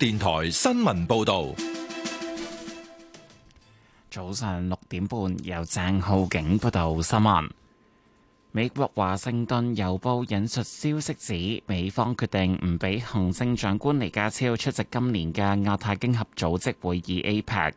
電台新聞報道，早上六點半，由鄭浩景報道新聞。美國華盛頓郵報引述消息指，美方決定唔俾行政長官李家超出席今年嘅亞太經合組織會議 （APEC）。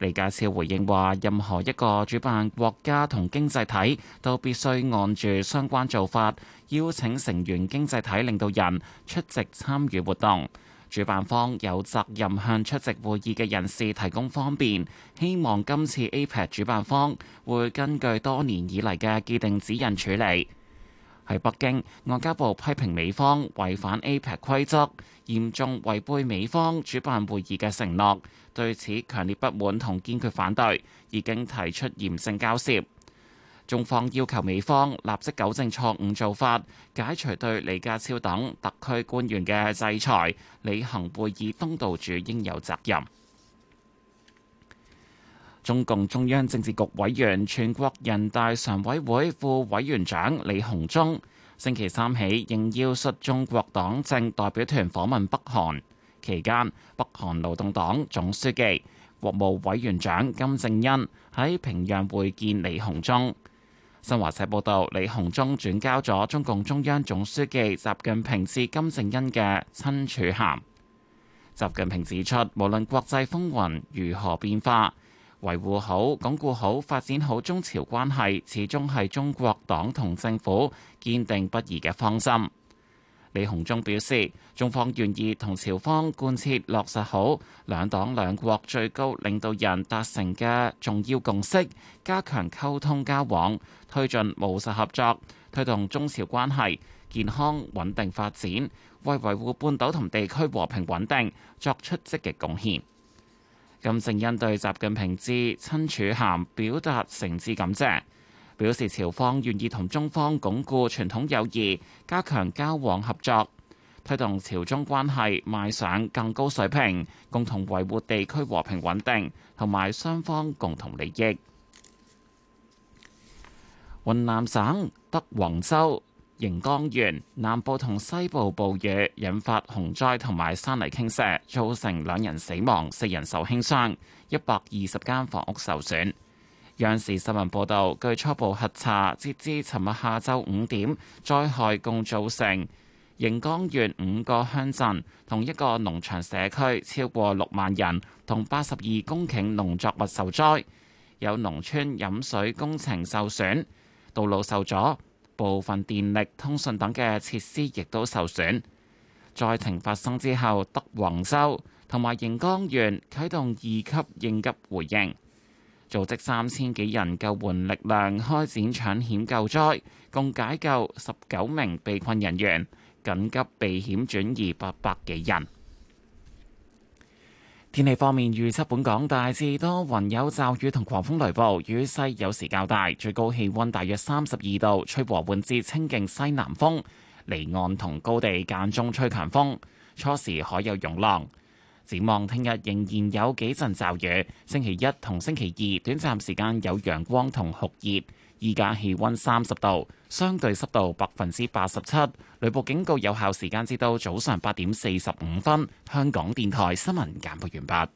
李家超回應話，任何一個主辦國家同經濟體都必須按住相關做法，邀請成員經濟體領導人出席參與活動。主辦方有責任向出席會議嘅人士提供方便，希望今次 APEC 主辦方會根據多年以嚟嘅既定指引處理。喺北京，外交部批評美方違反 APEC 規則，嚴重違背美方主辦會議嘅承諾，對此強烈不滿同堅決反對，已經提出嚴正交涉。中方要求美方立即糾正錯誤做法，解除對李家超等特區官員嘅制裁，履行會議東道主應有責任。中共中央政治局委員、全國人大常委會副委員長李鴻忠星期三起應邀率中國黨政代表團訪問北韓，期間北韓勞動黨總書記、國務委員長金正恩喺平壤會見李鴻忠。新華社報道，李鴻忠轉交咗中共中央總書記習近平致金正恩嘅親署函。習近平指出，無論國際風雲如何變化，維護好、鞏固好、發展好中朝關係，始終係中國黨同政府堅定不移嘅方針。李鴻忠表示，中方願意同朝方貫徹落實好兩黨兩國最高領導人達成嘅重要共識，加強溝通交往，推進務實合作，推動中朝關係健康穩定發展，為維，維護半島同地區和平穩定作出積極貢獻。金正恩對習近平致親署函表達誠摯感謝。表示朝方願意同中方鞏固傳統友誼，加強交往合作，推動朝中關係邁上更高水平，共同維護地區和平穩定，同埋雙方共同利益。雲南省德宏州盈江縣南部同西部暴雨引發洪災同埋山泥傾瀉，造成兩人死亡、四人受輕傷、一百二十間房屋受損。央視新聞報道，據初步核查，截至尋日下晝五點，災害共造成盈江縣五個鄉鎮同一個農場社區超過六萬人同八十二公頃農作物受災，有農村飲水工程受損，道路受阻，部分電力、通訊等嘅設施亦都受損。災情發生之後，德宏州同埋盈江縣啟動二級應急回應。組織三千幾人救援力量開展搶險救災，共解救十九名被困人員，緊急避險轉移八百幾人。天氣方面，預測本港大致多雲有驟雨同狂風雷暴，雨勢有時較大，最高氣溫大約三十二度，吹和緩至清勁西南風，離岸同高地間中吹強風，初時海有湧浪。展望聽日仍然有幾陣驟雨，星期一同星期二短暫時間有陽光同酷熱。依家氣温三十度，相對濕度百分之八十七。雷暴警告有效時間至到早上八點四十五分。香港電台新聞簡報完畢。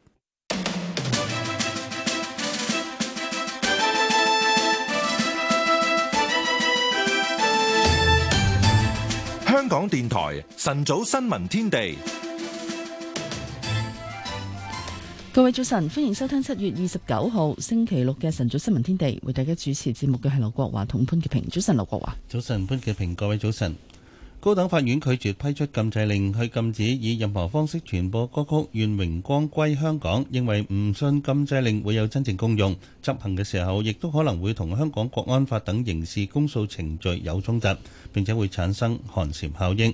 香港電台晨早新聞天地。各位早晨，歡迎收聽七月二十九號星期六嘅晨早新聞天地，為大家主持節目嘅係劉國華同潘潔平。早晨，劉國華。早晨，潘潔平。各位早晨。高等法院拒絕批出禁制令去禁止以任何方式傳播歌曲《願榮光歸香港》，認為唔信禁制令會有真正功用，執行嘅時候亦都可能會同香港國安法等刑事公訴程序有衝突，並且會產生寒蟬效應。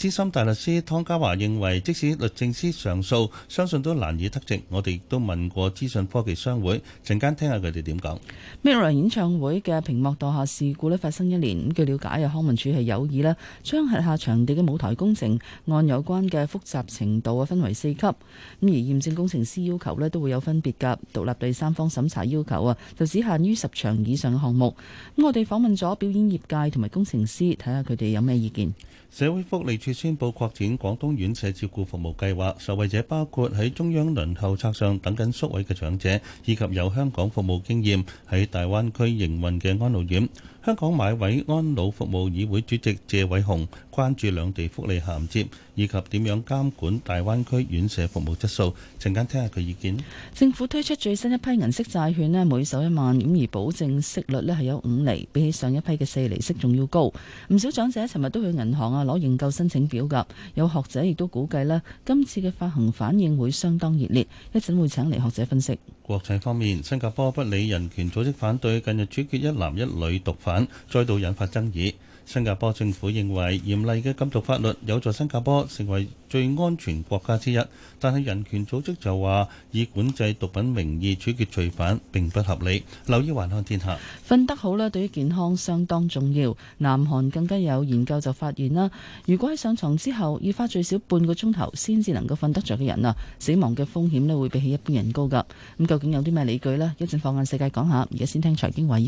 資深大律師湯家驊認為，即使律政司上訴，相信都難以得直。我哋亦都問過資訊科技商會，陣間聽下佢哋點講。Mirror 演唱會嘅屏幕墮下事故咧發生一年，咁據了解啊，康文署係有意咧，將轄下場地嘅舞台工程按有關嘅複雜程度啊，分為四級。咁而驗證工程師要求咧都會有分別㗎，獨立第三方審查要求啊，就只限於十場以上嘅項目。咁我哋訪問咗表演業界同埋工程師，睇下佢哋有咩意見。社會福利署宣佈擴展廣東院舍照顧服務計劃，受惠者包括喺中央輪候冊上等緊宿位嘅長者，以及有香港服務經驗喺大灣區營運嘅安老院。香港買位安老服務議會主席謝偉雄關注兩地福利銜接。以及點樣監管大灣區院舍服務質素？陣間聽下佢意見。政府推出最新一批銀色債券咧，每手一萬，咁而保證息率咧係有五厘，比起上一批嘅四厘息仲要高。唔少長者尋日都去銀行啊攞認購申請表格。有學者亦都估計咧今次嘅發行反應會相當熱烈，一陣會請嚟學者分析。國際方面，新加坡不理人權組織反對，近日處決一男一女毒販，再度引發爭議。新加坡政府認為嚴厲嘅禁毒法律有助新加坡成為最安全國家之一，但係人權組織就話以管制毒品名義處決罪犯並不合理。留意《環看天下》，瞓得好咧，對於健康相當重要。南韓更加有研究就發現啦，如果喺上床之後要花最少半個鐘頭先至能夠瞓得着嘅人啊，死亡嘅風險咧會比起一般人高㗎。咁究竟有啲咩理據呢？一陣放眼世界講下，而家先聽財經華爾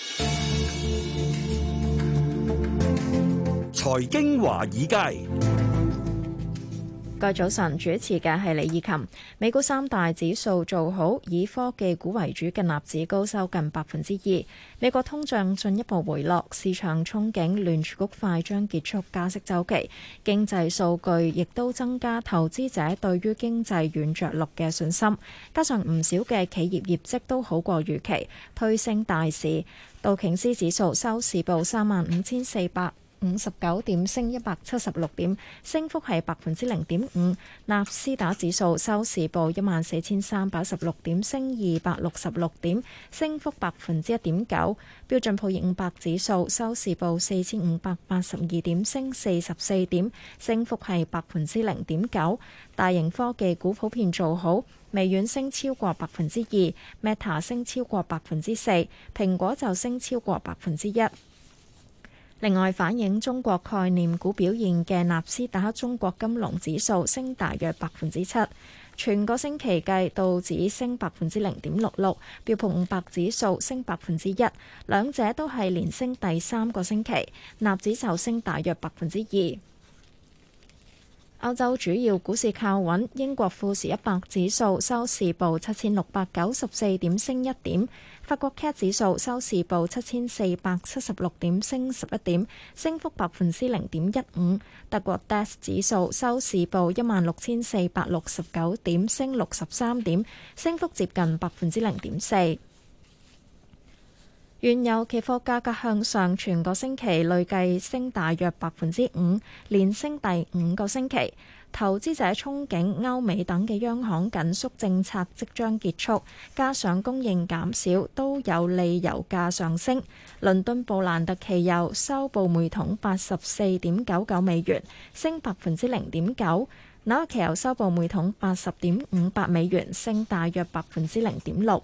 街。財經華爾街，各位早晨，主持嘅係李以琴。美股三大指數做好，以科技股為主，嘅納指高收近百分之二。美國通脹進一步回落，市場憧憬聯儲局快將結束加息周期。經濟數據亦都增加投資者對於經濟軟着陸嘅信心，加上唔少嘅企業業績都好過預期，推升大市。道瓊斯指數收市報三萬五千四百。五十九點，升一百七十六點，升幅係百分之零點五。納斯達指數收市報一萬四千三百一十六點，升二百六十六點，升幅百分之一點九。標準普爾五百指數收市報四千五百八十二點，升四十四點，升幅係百分之零點九。大型科技股普遍做好，微軟升超過百分之二，Meta 升超過百分之四，蘋果就升超過百分之一。另外反映中國概念股表現嘅納斯達克中國金龍指數升大約百分之七，全個星期計道指升百分之零點六六，標普五百指數升百分之一，兩者都係連升第三個星期，納指就升大約百分之二。歐洲主要股市靠穩，英國富時一百指數收市報七千六百九十四點，升一點。法國 CAC 指數收市報七千四百七十六點，升十一點，升幅百分之零點一五。德國 Dax 指數收市報一萬六千四百六十九點，升六十三點，升幅接近百分之零點四。原油期貨價格向上，全個星期累計升大約百分之五，連升第五個星期。投資者憧憬歐美等嘅央行緊縮政策即將結束，加上供應減少，都有利油價上升。倫敦布蘭特期油收報每桶八十四點九九美元，升百分之零點九；紐約期油收報每桶八十點五八美元，升大約百分之零點六。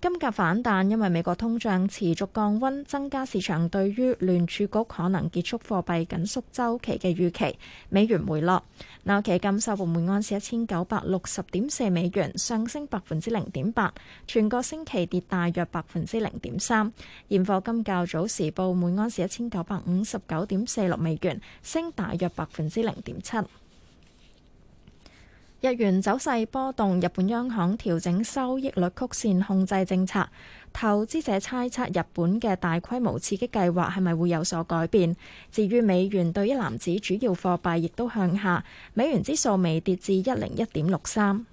金價反彈，因為美國通脹持續降温，增加市場對於聯儲局可能結束貨幣緊縮周期嘅預期。美元回落，紐期金收報每盎司一千九百六十點四美元，上升百分之零點八，全個星期跌大約百分之零點三。現貨金較早時報每盎司一千九百五十九點四六美元，升大約百分之零點七。日元走勢波動，日本央行調整收益率曲線控制政策，投資者猜測日本嘅大規模刺激計劃係咪會有所改變？至於美元對一籃子主要貨幣亦都向下，美元指數微跌至一零一點六三。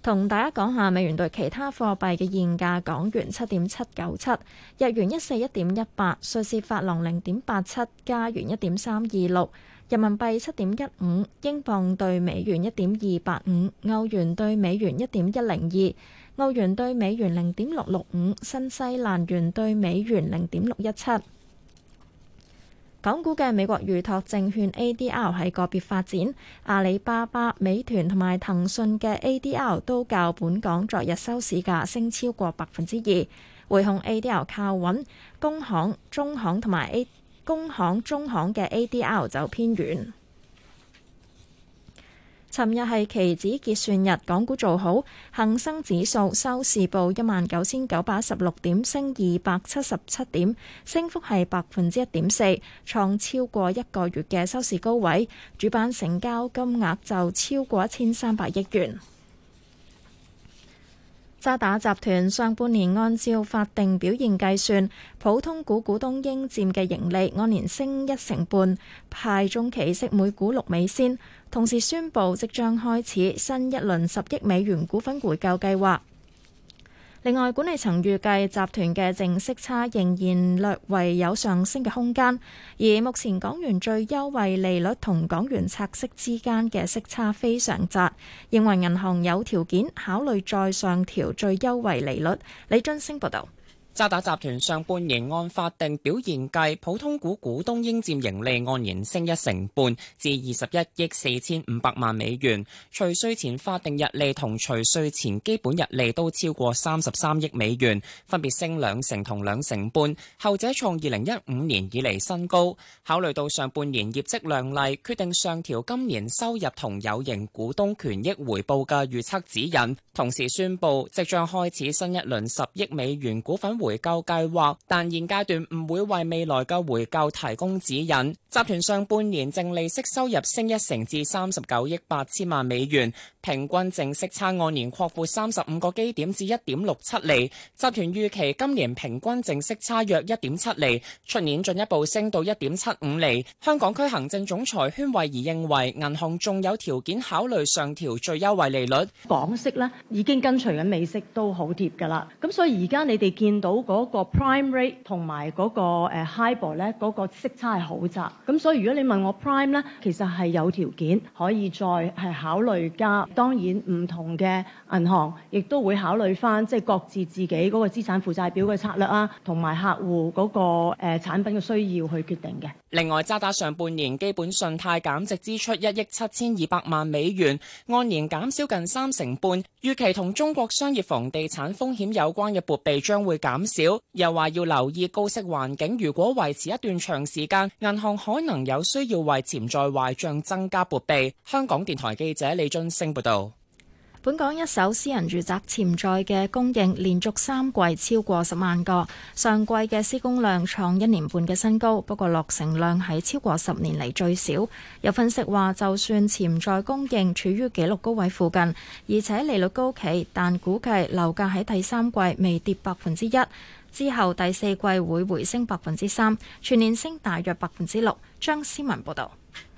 同大家講下美元對其他貨幣嘅現價：港元七點七九七，日元一四一點一八，瑞士法郎零點八七，加元一點三二六。人民幣七點一五，英鎊對美元一點二八五，歐元對美元一點一零二，澳元對美元零點六六五，新西蘭元對美元零點六一七。港股嘅美國預託證券 ADR 係個別發展，阿里巴巴、美團同埋騰訊嘅 ADR 都較本港昨日收市價升超過百分之二，匯控 ADR 靠穩，工行、中行同埋 A。工行、中行嘅 A D R 就偏遠。尋日係期指結算日，港股做好，恒生指數收市報一萬九千九百十六點，升二百七十七點，升幅係百分之一點四，創超過一個月嘅收市高位。主板成交金額就超過一千三百億元。渣打集團上半年按照法定表現計算，普通股股東應占嘅盈利按年升一成半，派中期息每股六美仙，同時宣佈即將開始新一輪十億美元股份回購計劃。另外，管理層預計集團嘅淨息差仍然略為有上升嘅空間，而目前港元最優惠利率同港元拆息之間嘅息差非常窄，認為銀行有條件考慮再上調最優惠利率。李津星報道。渣打集團上半年按法定表現計，普通股股東應占盈利按年升一成半，至二十一億四千五百萬美元。除稅前法定日利同除稅前基本日利都超過三十三億美元，分別升兩成同兩成半，後者創二零一五年以嚟新高。考慮到上半年業績亮麗，決定上調今年收入同有形股東權益回報嘅預測指引，同時宣佈即將開始新一輪十億美元股份回回購計劃，但現階段唔會為未來嘅回購提供指引。集團上半年淨利息收入升一成至三十九億八千萬美元，平均淨息差按年擴闊三十五個基點至一點六七厘。集團預期今年平均淨息差約一點七厘，出年進一步升到一點七五厘。香港區行政總裁禤惠儀認為，銀行仲有條件考慮上調最優惠利率。港息呢已經跟隨緊美息都好貼噶啦，咁所以而家你哋見到。嗰個 prime rate 同埋嗰個誒 hybrid 咧，嗰個息差係好窄。咁所以如果你問我 prime 咧，其實係有條件可以再係考慮加。當然唔同嘅銀行亦都會考慮翻，即係各自自己嗰個資產負債表嘅策略啊，同埋客戶嗰個誒產品嘅需要去決定嘅。另外，渣打上半年基本信貸減值支出一億七千二百萬美元，按年減少近三成半。預期同中國商業房地產風險有關嘅撥備將會減少又話要留意高息環境，如果維持一段長時間，銀行可能有需要為潛在壞賬增加撥備。香港電台記者李俊升報道。本港一手私人住宅潛在嘅供應連續三季超過十萬個，上季嘅施工量創一年半嘅新高，不過落成量喺超過十年嚟最少。有分析話，就算潛在供應處於紀錄高位附近，而且利率高企，但估計樓價喺第三季未跌百分之一之後，第四季會回升百分之三，全年升大約百分之六。張思文報導。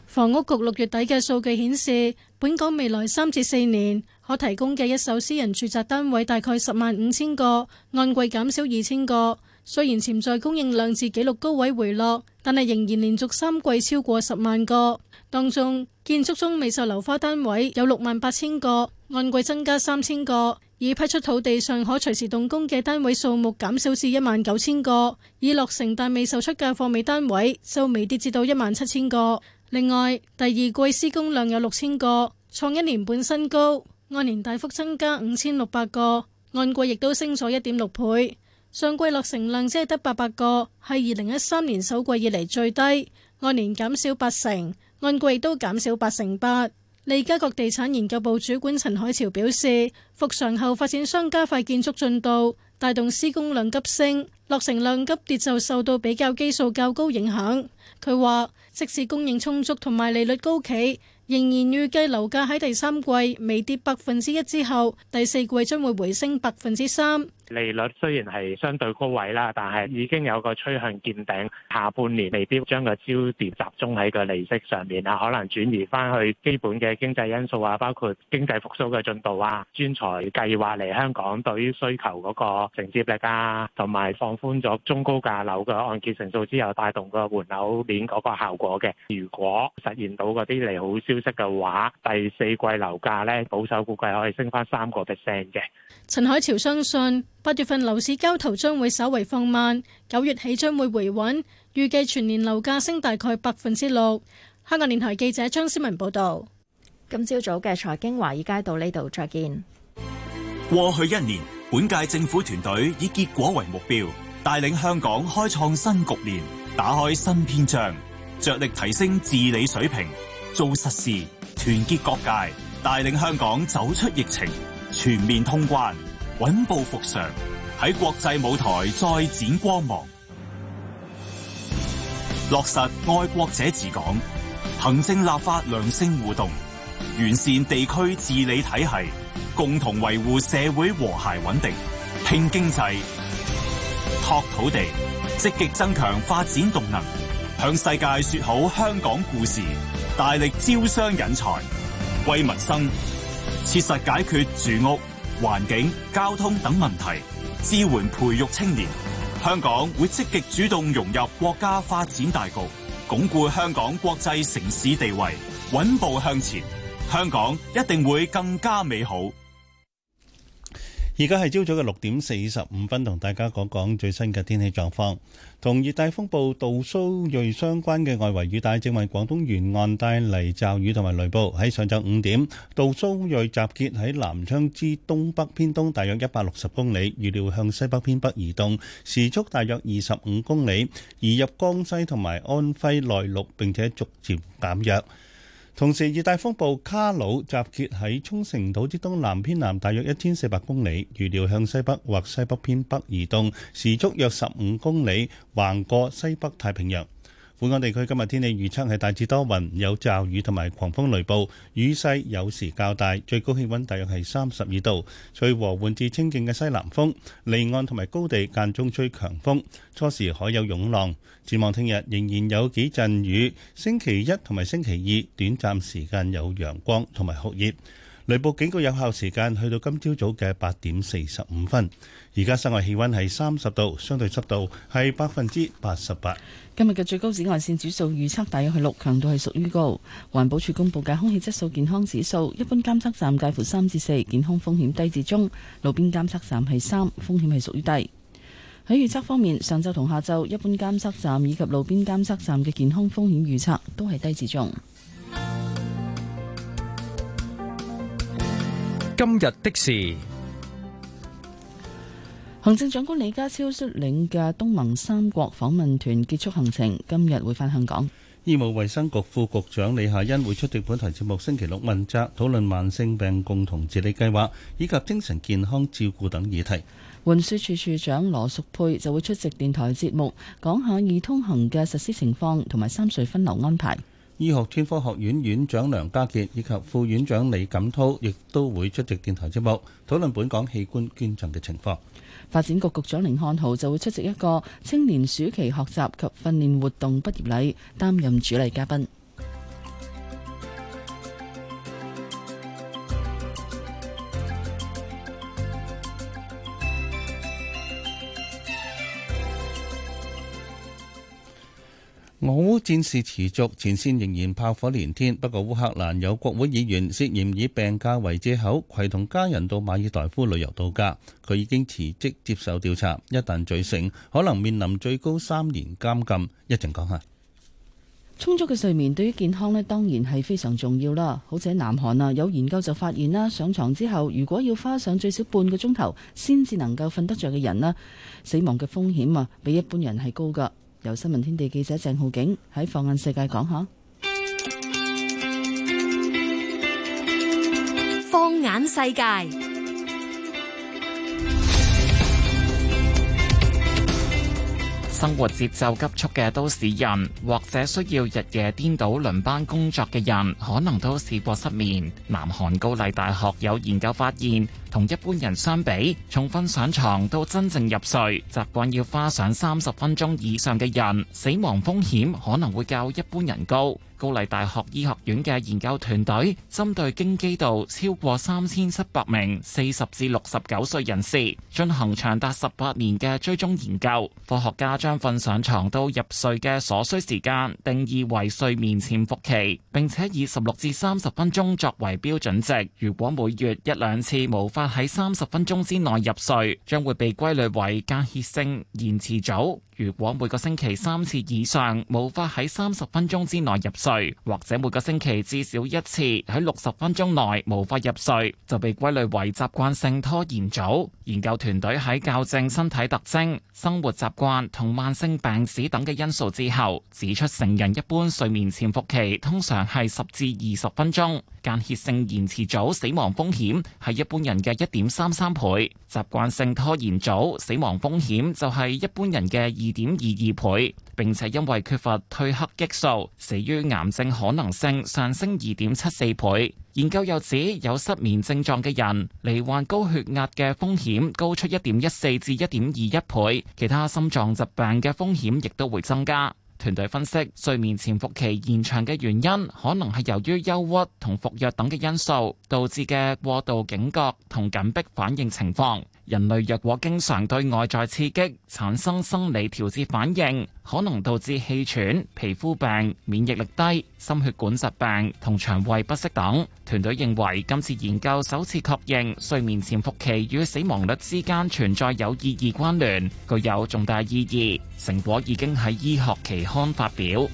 房屋局六月底嘅數據顯示，本港未來三至四年，可提供嘅一手私人住宅單位大概十萬五千個，按季減少二千個。雖然潛在供應量自紀錄高位回落，但係仍然連續三季超過十萬個。當中，建築中未售樓花單位有六萬八千個，按季增加三千個。已批出土地上可隨時動工嘅單位數目減少至一萬九千個，已落成但未售出嘅貨尾單位就未跌至到一萬七千個。另外，第二季施工量有六千個，創一年半新高。按年大幅增加五千六百個，按季亦都升咗一點六倍。上季落成量只係得八百個，係二零一三年首季以嚟最低，按年減少八成，按季都減少八成八。利嘉閣地產研究部主管陳海潮表示，復常後發展商加快建築進度，帶動施工量急升，落成量急跌就受到比較基數較高影響。佢話，即使供應充足同埋利率高企。仍然預計樓價喺第三季微跌百分之一之後，第四季將會回升百分之三。利率雖然係相對高位啦，但係已經有個趨向見頂。下半年未必將個焦點集中喺個利息上面啊，可能轉移翻去基本嘅經濟因素啊，包括經濟復甦嘅進度啊、專才計劃嚟香港對於需求嗰個承接力啊，同埋放寬咗中高價樓嘅按揭成數之後，帶動個換樓面嗰個效果嘅。如果實現到嗰啲利好消息嘅話，第四季樓價咧保守估計可以升翻三個 percent 嘅。陳海潮相信。八月份樓市交投將會稍為放慢，九月起將會回穩，預計全年樓價升大概百分之六。香港電台記者張思文報道。今朝早嘅財經華爾街到呢度再見。過去一年，本屆政府團隊以結果為目標，帶領香港開創新局面，打開新篇章，着力提升治理水平，做實事，團結各界，帶領香港走出疫情，全面通關。穩步復常，喺國際舞台再展光芒。落實愛國者治港，行政立法良性互動，完善地區治理體系，共同維護社會和諧穩定。拼經濟，拓土地，積極增強發展動能，向世界說好香港故事。大力招商引才，為民生，切實解決住屋。環境、交通等問題，支援培育青年。香港會積極主動融入國家發展大局，鞏固香港國際城市地位，穩步向前。香港一定會更加美好。而家係朝早嘅六點四十五分，同大家講講最新嘅天氣狀況。同熱帶風暴杜蘇芮相關嘅外圍雨帶正為廣東沿岸帶嚟驟雨同埋雷暴。喺上晝五點，杜蘇芮集結喺南昌之東北偏東大約一百六十公里，預料向西北偏北移動，時速大約二十五公里，移入江西同埋安徽內陸，並且逐漸減弱。同時，熱帶風暴卡努集結喺沖繩島之東南偏南，大約一千四百公里，預料向西北或西北偏北移動，時速約十五公里，橫過西北太平洋。本港地區今日天氣預測係大致多雲，有驟雨同埋狂風雷暴，雨勢有時較大，最高氣溫大約係三十二度。隨和緩至清勁嘅西南風，離岸同埋高地間中吹強風，初時海有湧浪。展望聽日仍然有幾陣雨，星期一同埋星期二短暫時間有陽光同埋酷熱。雷暴警告有效時間去到今朝早嘅八點四十五分。而家室外氣溫係三十度，相對濕度係百分之八十八。今日嘅最高紫外線指數預測大約係六，強度係屬於高。環保署公布嘅空氣質素健康指數，一般監測站介乎三至四，健康風險低至中；路邊監測站係三，風險係屬於低。喺預測方面，上晝同下晝一般監測站以及路邊監測站嘅健康風險預測都係低至中。今日的事，行政長官李家超率領嘅東盟三國訪問團結束行程，今日會返香港。醫務衛生局副局長李夏茵會出席本台節目，星期六問責討論慢性病共同治理計劃以及精神健康照顧等議題。運輸署署長羅淑佩就會出席電台節目，講下易通行嘅實施情況同埋三隧分流安排。醫學專科學院院長梁家傑以及副院長李錦濤亦都會出席電台節目，討論本港器官捐贈嘅情況。發展局局長凌漢豪就會出席一個青年暑期學習及訓練活動畢業禮，擔任主禮嘉賓。俄烏戰事持續，前線仍然炮火連天。不過烏克蘭有國會議員涉嫌以病假為借口，攜同家人到馬爾代夫旅遊度假，佢已經辭職接受調查。一旦罪成，可能面臨最高三年監禁。一陣講下。充足嘅睡眠對於健康咧，當然係非常重要啦。好似喺南韓啊，有研究就發現啦，上床之後如果要花上最少半個鐘頭先至能夠瞓得着嘅人咧，死亡嘅風險啊，比一般人係高噶。由新聞天地記者鄭浩景喺放眼世界講下，放眼世界。生活節奏急促嘅都市人，或者需要日夜顛倒輪班工作嘅人，可能都試過失眠。南韓高麗大學有研究發現，同一般人相比，從瞓上床到真正入睡，習慣要花上三十分鐘以上嘅人，死亡風險可能會較一般人高。高麗大學醫學院嘅研究團隊針對京畿道超過三千七百名四十至六十九歲人士進行長達十八年嘅追蹤研究。科學家將瞓上床到入睡嘅所需時間定義為睡眠潛伏期，並且以十六至三十分鐘作為標準值。如果每月一兩次無法喺三十分鐘之內入睡，將會被歸類為間歇性延遲組。如果每個星期三次以上無法喺三十分鐘之內入睡，或者每個星期至少一次喺六十分鐘內無法入睡，就被歸類為習慣性拖延組。研究團隊喺校正身體特徵、生活習慣同慢性病史等嘅因素之後，指出成人一般睡眠潛伏期通常係十至二十分鐘。間歇性延遲組死亡風險係一般人嘅一點三三倍。習慣性拖延組死亡風險就係一般人嘅二點二二倍，並且因為缺乏褪黑激素，死於癌症可能性上升二點七四倍。研究又指有失眠症狀嘅人，罹患高血壓嘅風險高出一點一四至一點二一倍，其他心臟疾病嘅風險亦都會增加。團隊分析，睡眠潛伏期延長嘅原因，可能係由於憂鬱同服藥等嘅因素，導致嘅過度警覺同緊迫反應情況。人類若果經常對外在刺激產生生理調節反應，可能導致氣喘、皮膚病、免疫力低、心血管疾病同腸胃不適等。團隊認為今次研究首次確認睡眠潛伏期與死亡率之間存在有意義關聯，具有重大意義。成果已經喺《醫學期刊》發表。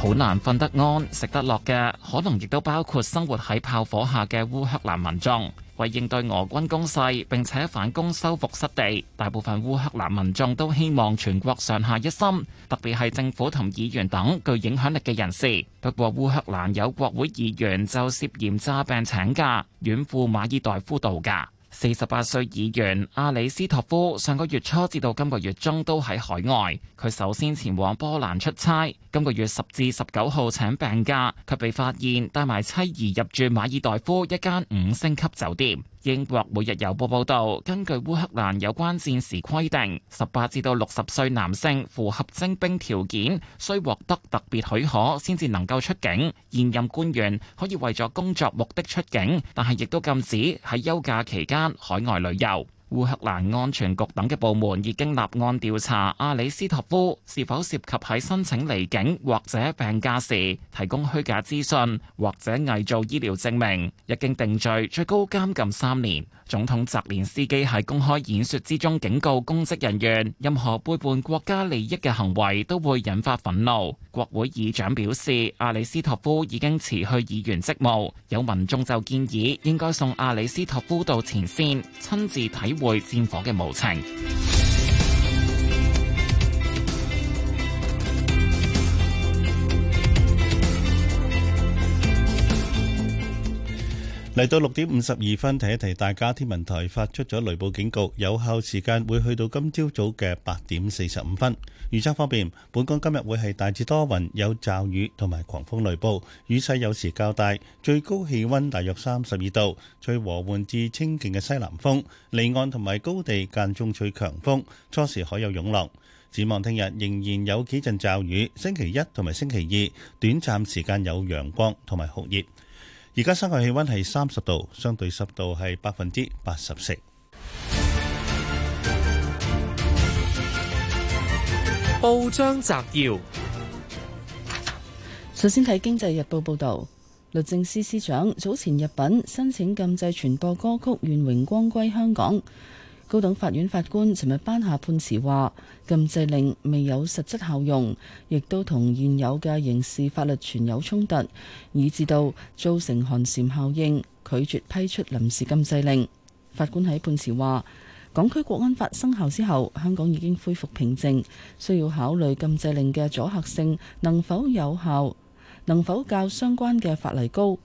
好難瞓得安，食得落嘅，可能亦都包括生活喺炮火下嘅烏克蘭民眾。為應對俄軍攻勢並且反攻收復失地，大部分烏克蘭民眾都希望全國上下一心，特別係政府同議員等具影響力嘅人士。不過，烏克蘭有國會議員就涉嫌詐病請假，遠赴馬爾代夫度假。四十八歲議員阿里斯托夫上個月初至到今個月中都喺海外，佢首先前往波蘭出差。今個月十至十九號請病假，卻被發現帶埋妻兒入住馬爾代夫一間五星級酒店。英國每日郵報報道，根據烏克蘭有關戰時規定，十八至到六十歲男性符合徵兵條件，需獲得特別許可先至能夠出境。現任官員可以為咗工作目的出境，但係亦都禁止喺休假期間海外旅遊。烏克蘭安全局等嘅部門已經立案調查阿里斯托夫是否涉及喺申請離境或者病假時提供虛假資訊或者偽造醫療證明。一經定罪，最高監禁三年。總統澤連斯基喺公開演說之中警告公職人員，任何背叛國家利益嘅行為都會引發憤怒。國會議長表示，阿里斯托夫已經辭去議員職務，有民眾就建議應該送阿里斯托夫到前線親自體會戰火嘅無情。 嚟到六點五十二分，提一提大家，天文台發出咗雷暴警告，有效時間會去到今朝早嘅八點四十五分。預測方面，本港今日會係大致多雲，有驟雨同埋狂風雷暴，雨勢有時較大，最高氣溫大約三十二度，吹和緩至清勁嘅西南風，離岸同埋高地間中吹強風，初時海有湧浪。展望聽日仍然有幾陣驟雨，星期一同埋星期二，短暫時間有陽光同埋酷熱。而家室外氣溫係三十度，相對濕度係百分之八十四。報章摘要：首先睇《經濟日報》報導，律政司司長早前入禀申請禁制傳播歌曲《願榮光歸香港》。高等法院法官尋日頒下判詞，話禁制令未有實質效用，亦都同現有嘅刑事法律存有衝突，以致到造成寒蟬效應，拒絕批出臨時禁制令。法官喺判詞話，港區國安法生效之後，香港已經恢復平靜，需要考慮禁制令嘅阻嚇性能否有效，能否較相關嘅法例高。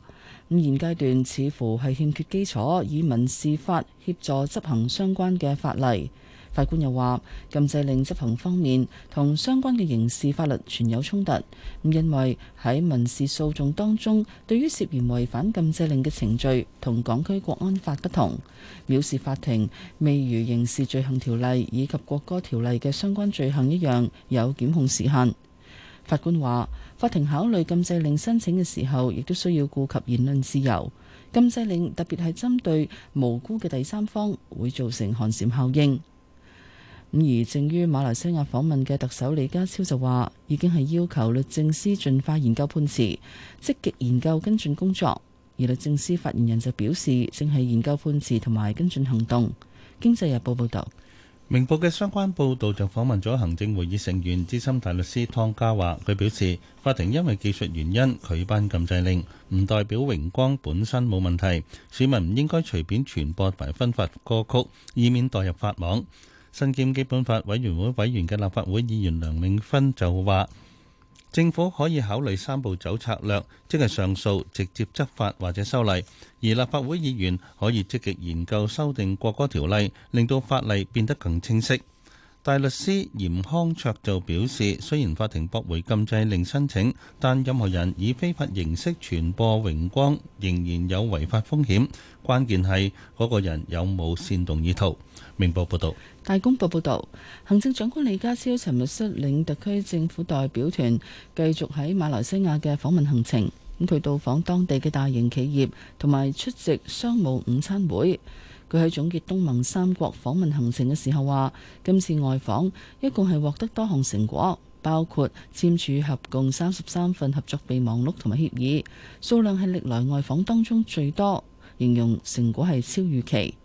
咁現階段似乎係欠缺基礎以民事法協助執行相關嘅法例。法官又話，禁制令執行方面同相關嘅刑事法律存有衝突。因為喺民事訴訟當中，對於涉嫌違反禁制令嘅程序，同港區國安法不同，藐視法庭未如刑事罪行條例以及國歌條例嘅相關罪行一樣有檢控時限。法官話，法庭考慮禁制令申請嘅時候，亦都需要顧及言論自由。禁制令特別係針對無辜嘅第三方，會造成寒蟬效應。咁而正於馬來西亞訪問嘅特首李家超就話，已經係要求律政司盡快研究判詞，積極研究跟進工作。而律政司發言人就表示，正係研究判詞同埋跟進行動。經濟日報報導。明報嘅相關報導就訪問咗行政會議成員資深大律師湯家驊，佢表示法庭因為技術原因拒頒禁制令，唔代表榮光本身冇問題。市民唔應該隨便傳播同分發歌曲，以免墮入法網。身兼基本法委員會委員嘅立法會議員梁美芬就話。政府可以考慮三步走策略，即係上訴、直接執法或者修例，而立法會議員可以積極研究修訂國歌條例，令到法例變得更清晰。大律師嚴康卓就表示，雖然法庭駁回禁制令申請，但任何人以非法形式傳播榮光仍然有違法風險。關鍵係嗰個人有冇煽動意圖。明報報道。大公報報道，行政長官李家超尋日率領特區政府代表團繼續喺馬來西亞嘅訪問行程。咁佢到訪當地嘅大型企業，同埋出席商務午餐會。佢喺總結東盟三國訪問行程嘅時候話：今次外訪一共係獲得多項成果，包括簽署合共三十三份合作備忘錄同埋協議，數量係歷來外訪當中最多，形容成果係超預期。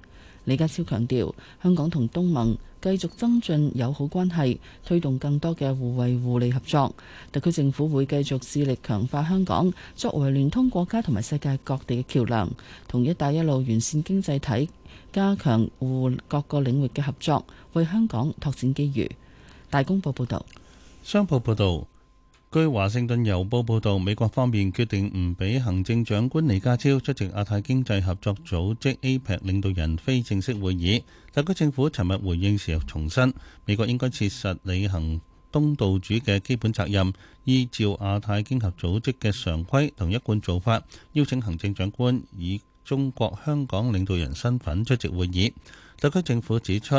李家超強調，香港同東盟。繼續增進友好關係，推動更多嘅互惠互利合作。特區政府會繼續致力強化香港作為聯通國家同埋世界各地嘅橋樑，同一帶一路完善經濟體，加強互各個領域嘅合作，為香港拓展機遇。大公報報道，商報報道。據《華盛頓郵報》報導，美國方面決定唔俾行政長官李家超出席亞太經濟合作組織 （APEC） 領導人非正式會議。特區政府尋日回應時重申，美國應該切實履行東道主嘅基本責任，依照亞太經合組織嘅常規同一貫做法，邀請行政長官以中國香港領導人身份出席會議。特區政府指出。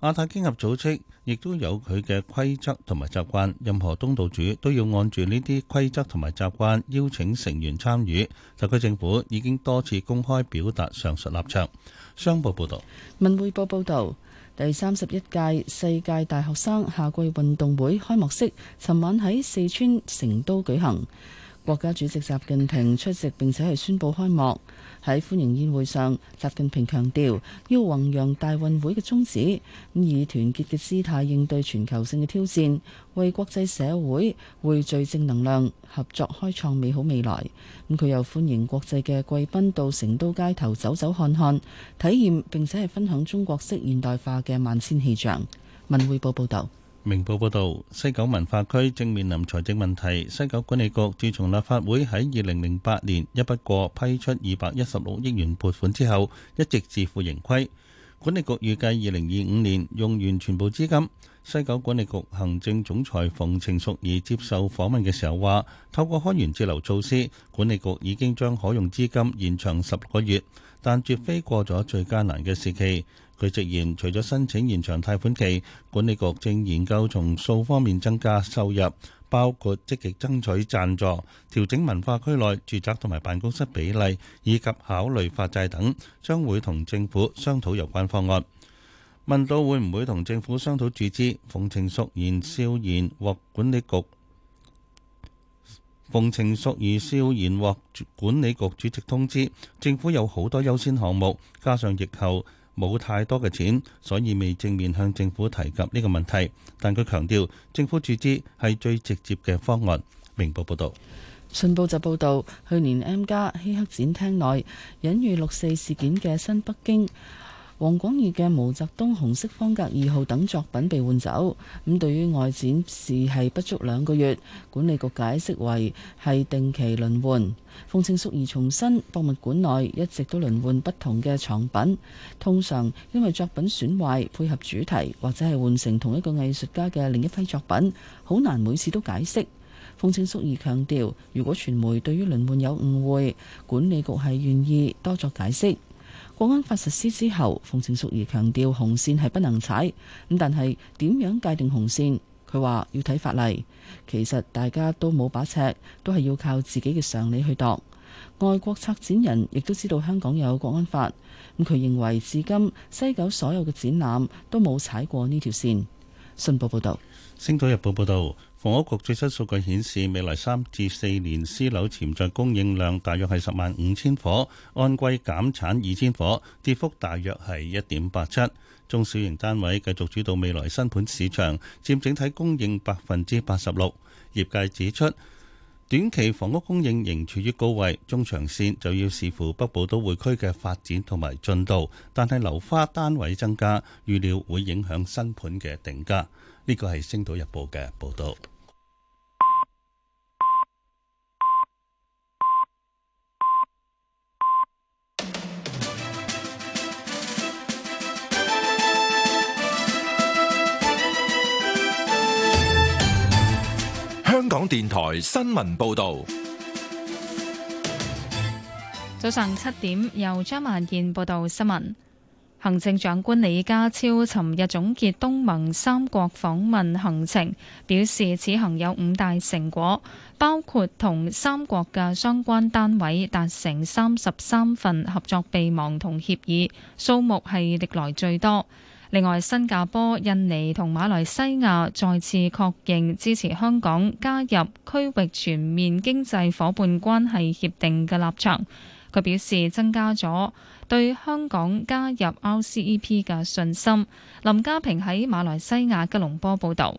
亞太經合組織亦都有佢嘅規則同埋習慣，任何東道主都要按住呢啲規則同埋習慣邀請成員參與。特區政府已經多次公開表達上述立場。商報報道，文匯報報道，第三十一屆世界大學生夏季運動會開幕式，尋晚喺四川成都舉行，國家主席習近平出席並且係宣布開幕。喺歡迎宴會上，習近平強調要弘揚大運會嘅宗旨，以團結嘅姿態應對全球性嘅挑戰，為國際社會匯聚正能量，合作開創美好未來。咁佢又歡迎國際嘅貴賓到成都街頭走走看看，體驗並且係分享中國式現代化嘅萬千氣象。文匯報報道。明報報道，西九文化區正面臨財政問題。西九管理局自從立法會喺二零零八年一筆過批出二百一十六億元撥款之後，一直自負盈虧。管理局預計二零二五年用完全部資金。西九管理局行政總裁馮程淑儀接受訪問嘅時候話：透過開源節流措施，管理局已經將可用資金延長十六個月，但絕非過咗最艱難嘅時期。佢直言，除咗申請延長貸款期，管理局正研究從數方面增加收入，包括積極爭取贊助、調整文化區內住宅同埋辦公室比例，以及考慮發債等，將會同政府商討有關方案。問到會唔會同政府商討注資，馮程淑儀笑言獲管理局馮程淑儀笑言獲管理局主席通知，政府有好多優先項目，加上疫後，冇太多嘅錢，所以未正面向政府提及呢個問題。但佢強調，政府注資係最直接嘅方案。明報報道，信報就報道，去年 M 家希克展廳內隱喻六四事件嘅新北京。王廣義嘅毛澤東紅色方格二號等作品被換走，咁對於外展示係不足兩個月，管理局解釋為係定期輪換，馮程淑儀重申，博物館內一直都輪換不同嘅藏品，通常因為作品損壞、配合主題或者係換成同一個藝術家嘅另一批作品，好難每次都解釋，馮程淑儀強調，如果傳媒對於輪換有誤會，管理局係願意多作解釋。國安法實施之後，馮程淑儀強調紅線係不能踩。咁但係點樣界定紅線？佢話要睇法例。其實大家都冇把尺，都係要靠自己嘅常理去度。外國策展人亦都知道香港有國安法。咁佢認為至今西九所有嘅展覽都冇踩過呢條線。信報報報道，《星島日報》報道。房屋局最新數據顯示，未來三至四年私樓潛在供應量大約係十萬五千火，按季減產二千火，跌幅大約係一點八七。中小型單位繼續主導未來新盤市場，佔整體供應百分之八十六。業界指出，短期房屋供應仍處於高位，中長線就要視乎北部都會區嘅發展同埋進度。但係樓花單位增加，預料會影響新盤嘅定價。呢個係《星島日報》嘅報導。香港電台新聞報道，早上七點，由張萬燕報道新聞。行政長官李家超尋日總結東盟三國訪問行程，表示此行有五大成果，包括同三國嘅相關單位達成三十三份合作備忘同協議，數目係歷來最多。另外，新加坡、印尼同馬來西亞再次確認支持香港加入區域全面經濟夥伴關係協定嘅立場，佢表示增加咗對香港加入 RCEP 嘅信心。林家平喺馬來西亞吉隆坡報道。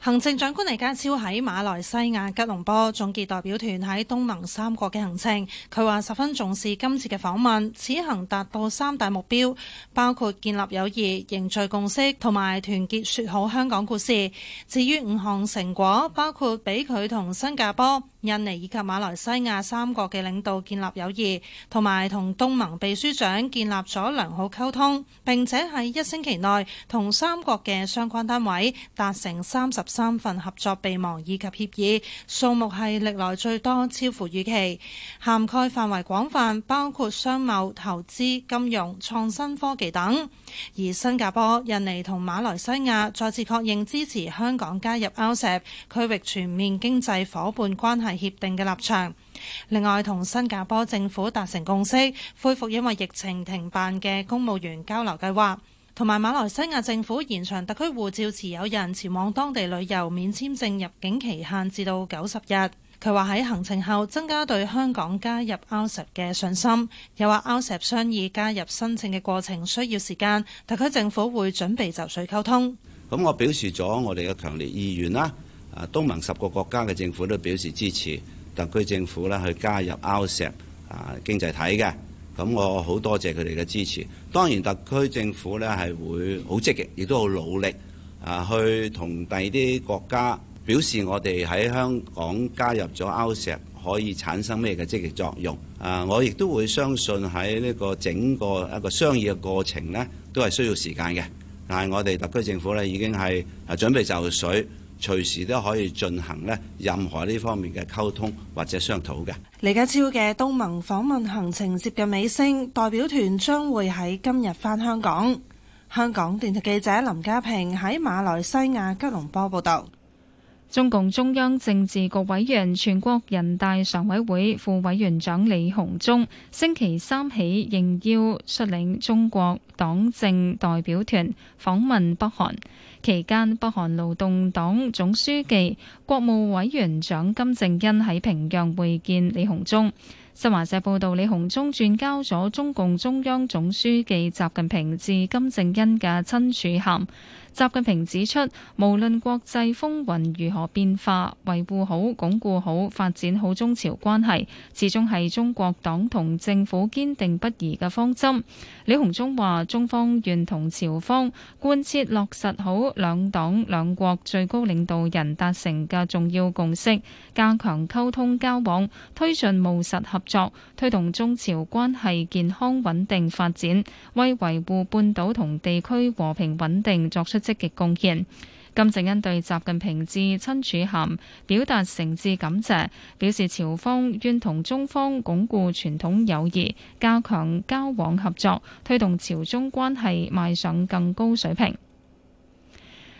行政長官李家超喺馬來西亞吉隆坡總結代表團喺東盟三國嘅行程，佢話十分重視今次嘅訪問，此行達到三大目標，包括建立友誼、凝聚共識同埋團結說好香港故事。至於五項成果，包括俾佢同新加坡、印尼以及馬來西亞三國嘅領導建立友誼，同埋同東盟秘書長建立咗良好溝通，並且喺一星期內同三國嘅相關單位達成三十三份合作備忘以及協議，數目係歷來最多，超乎預期，涵蓋範圍廣泛，包括商貿、投資、金融、創新科技等。而新加坡、印尼同馬來西亞再次確認支持香港加入 RCEP 區域全面經濟夥伴關係協定嘅立場。另外，同新加坡政府達成共識，恢復因為疫情停辦嘅公務員交流計劃。同埋，馬來西亞政府延長特區護照持有人前往當地旅遊免簽證入境期限至到九十日。佢話喺行程後增加對香港加入 RCEP 嘅信心，又話 RCEP 商議加入申請嘅過程需要時間，特區政府會準備就緒溝通。咁我表示咗我哋嘅強烈意願啦。啊，東盟十個國家嘅政府都表示支持特區政府咧去加入 RCEP 啊經濟體嘅。咁我好多謝佢哋嘅支持。當然特區政府呢係會好積極，亦都好努力啊，去同第二啲國家表示我哋喺香港加入咗 o u 歐石可以產生咩嘅積極作用啊！我亦都會相信喺呢個整個一個商議嘅過程呢，都係需要時間嘅。但係我哋特區政府呢，已經係啊準備就緒。隨時都可以進行咧任何呢方面嘅溝通或者商討嘅。李家超嘅東盟訪問行程接近尾聲，代表團將會喺今日返香港。香港電台記者林家平喺馬來西亞吉隆坡報導。中共中央政治局委員、全國人大常委會副委員長李鴻忠星期三起應邀率領中國黨政代表團訪問北韓。期間，北韓勞動黨總書記、國務委員長金正恩喺平壤會見李鴻忠。新華社報道，李鴻忠轉交咗中共中央總書記習近平至金正恩嘅親署函。習近平指出，無論國際風雲如何變化，維護好、鞏固好、發展好中朝關係始終係中國黨同政府堅定不移嘅方針。李鴻忠話，中方願同朝方貫徹落實好兩黨兩國最高領導人達成嘅重要共識，加強溝通交往，推進務實合作，推動中朝關係健康穩定發展，為維護半島同地區和平穩定作出積極貢獻。金正恩對習近平致親署函，表達誠摯感謝，表示朝方願同中方鞏固傳統友誼，加強交往合作，推動朝中關係邁上更高水平。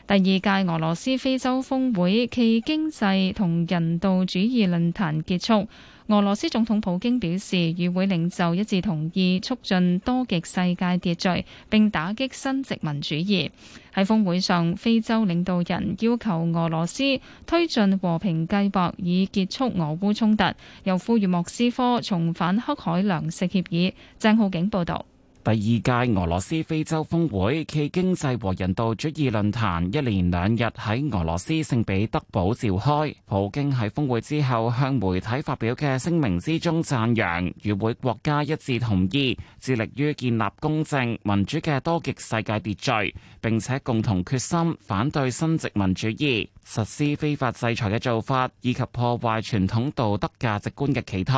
第二屆俄羅斯非洲峰會暨經濟同人道主義論壇結束。俄羅斯總統普京表示，與會領袖一致同意促進多極世界秩序，並打擊新殖民主義。喺峰會上，非洲領導人要求俄羅斯推進和平計劃，以結束俄烏衝突，又呼籲莫斯科重返黑海糧食協議。鄭浩景報導。第二屆俄羅斯非洲峰會暨經濟和人道主義論壇一連兩日喺俄羅斯聖彼得堡召開。普京喺峰會之後向媒體發表嘅聲明之中讚揚與會國家一致同意致力於建立公正民主嘅多極世界秩序，並且共同決心反對新殖民主義。實施非法制裁嘅做法，以及破壞傳統道德價值觀嘅企圖。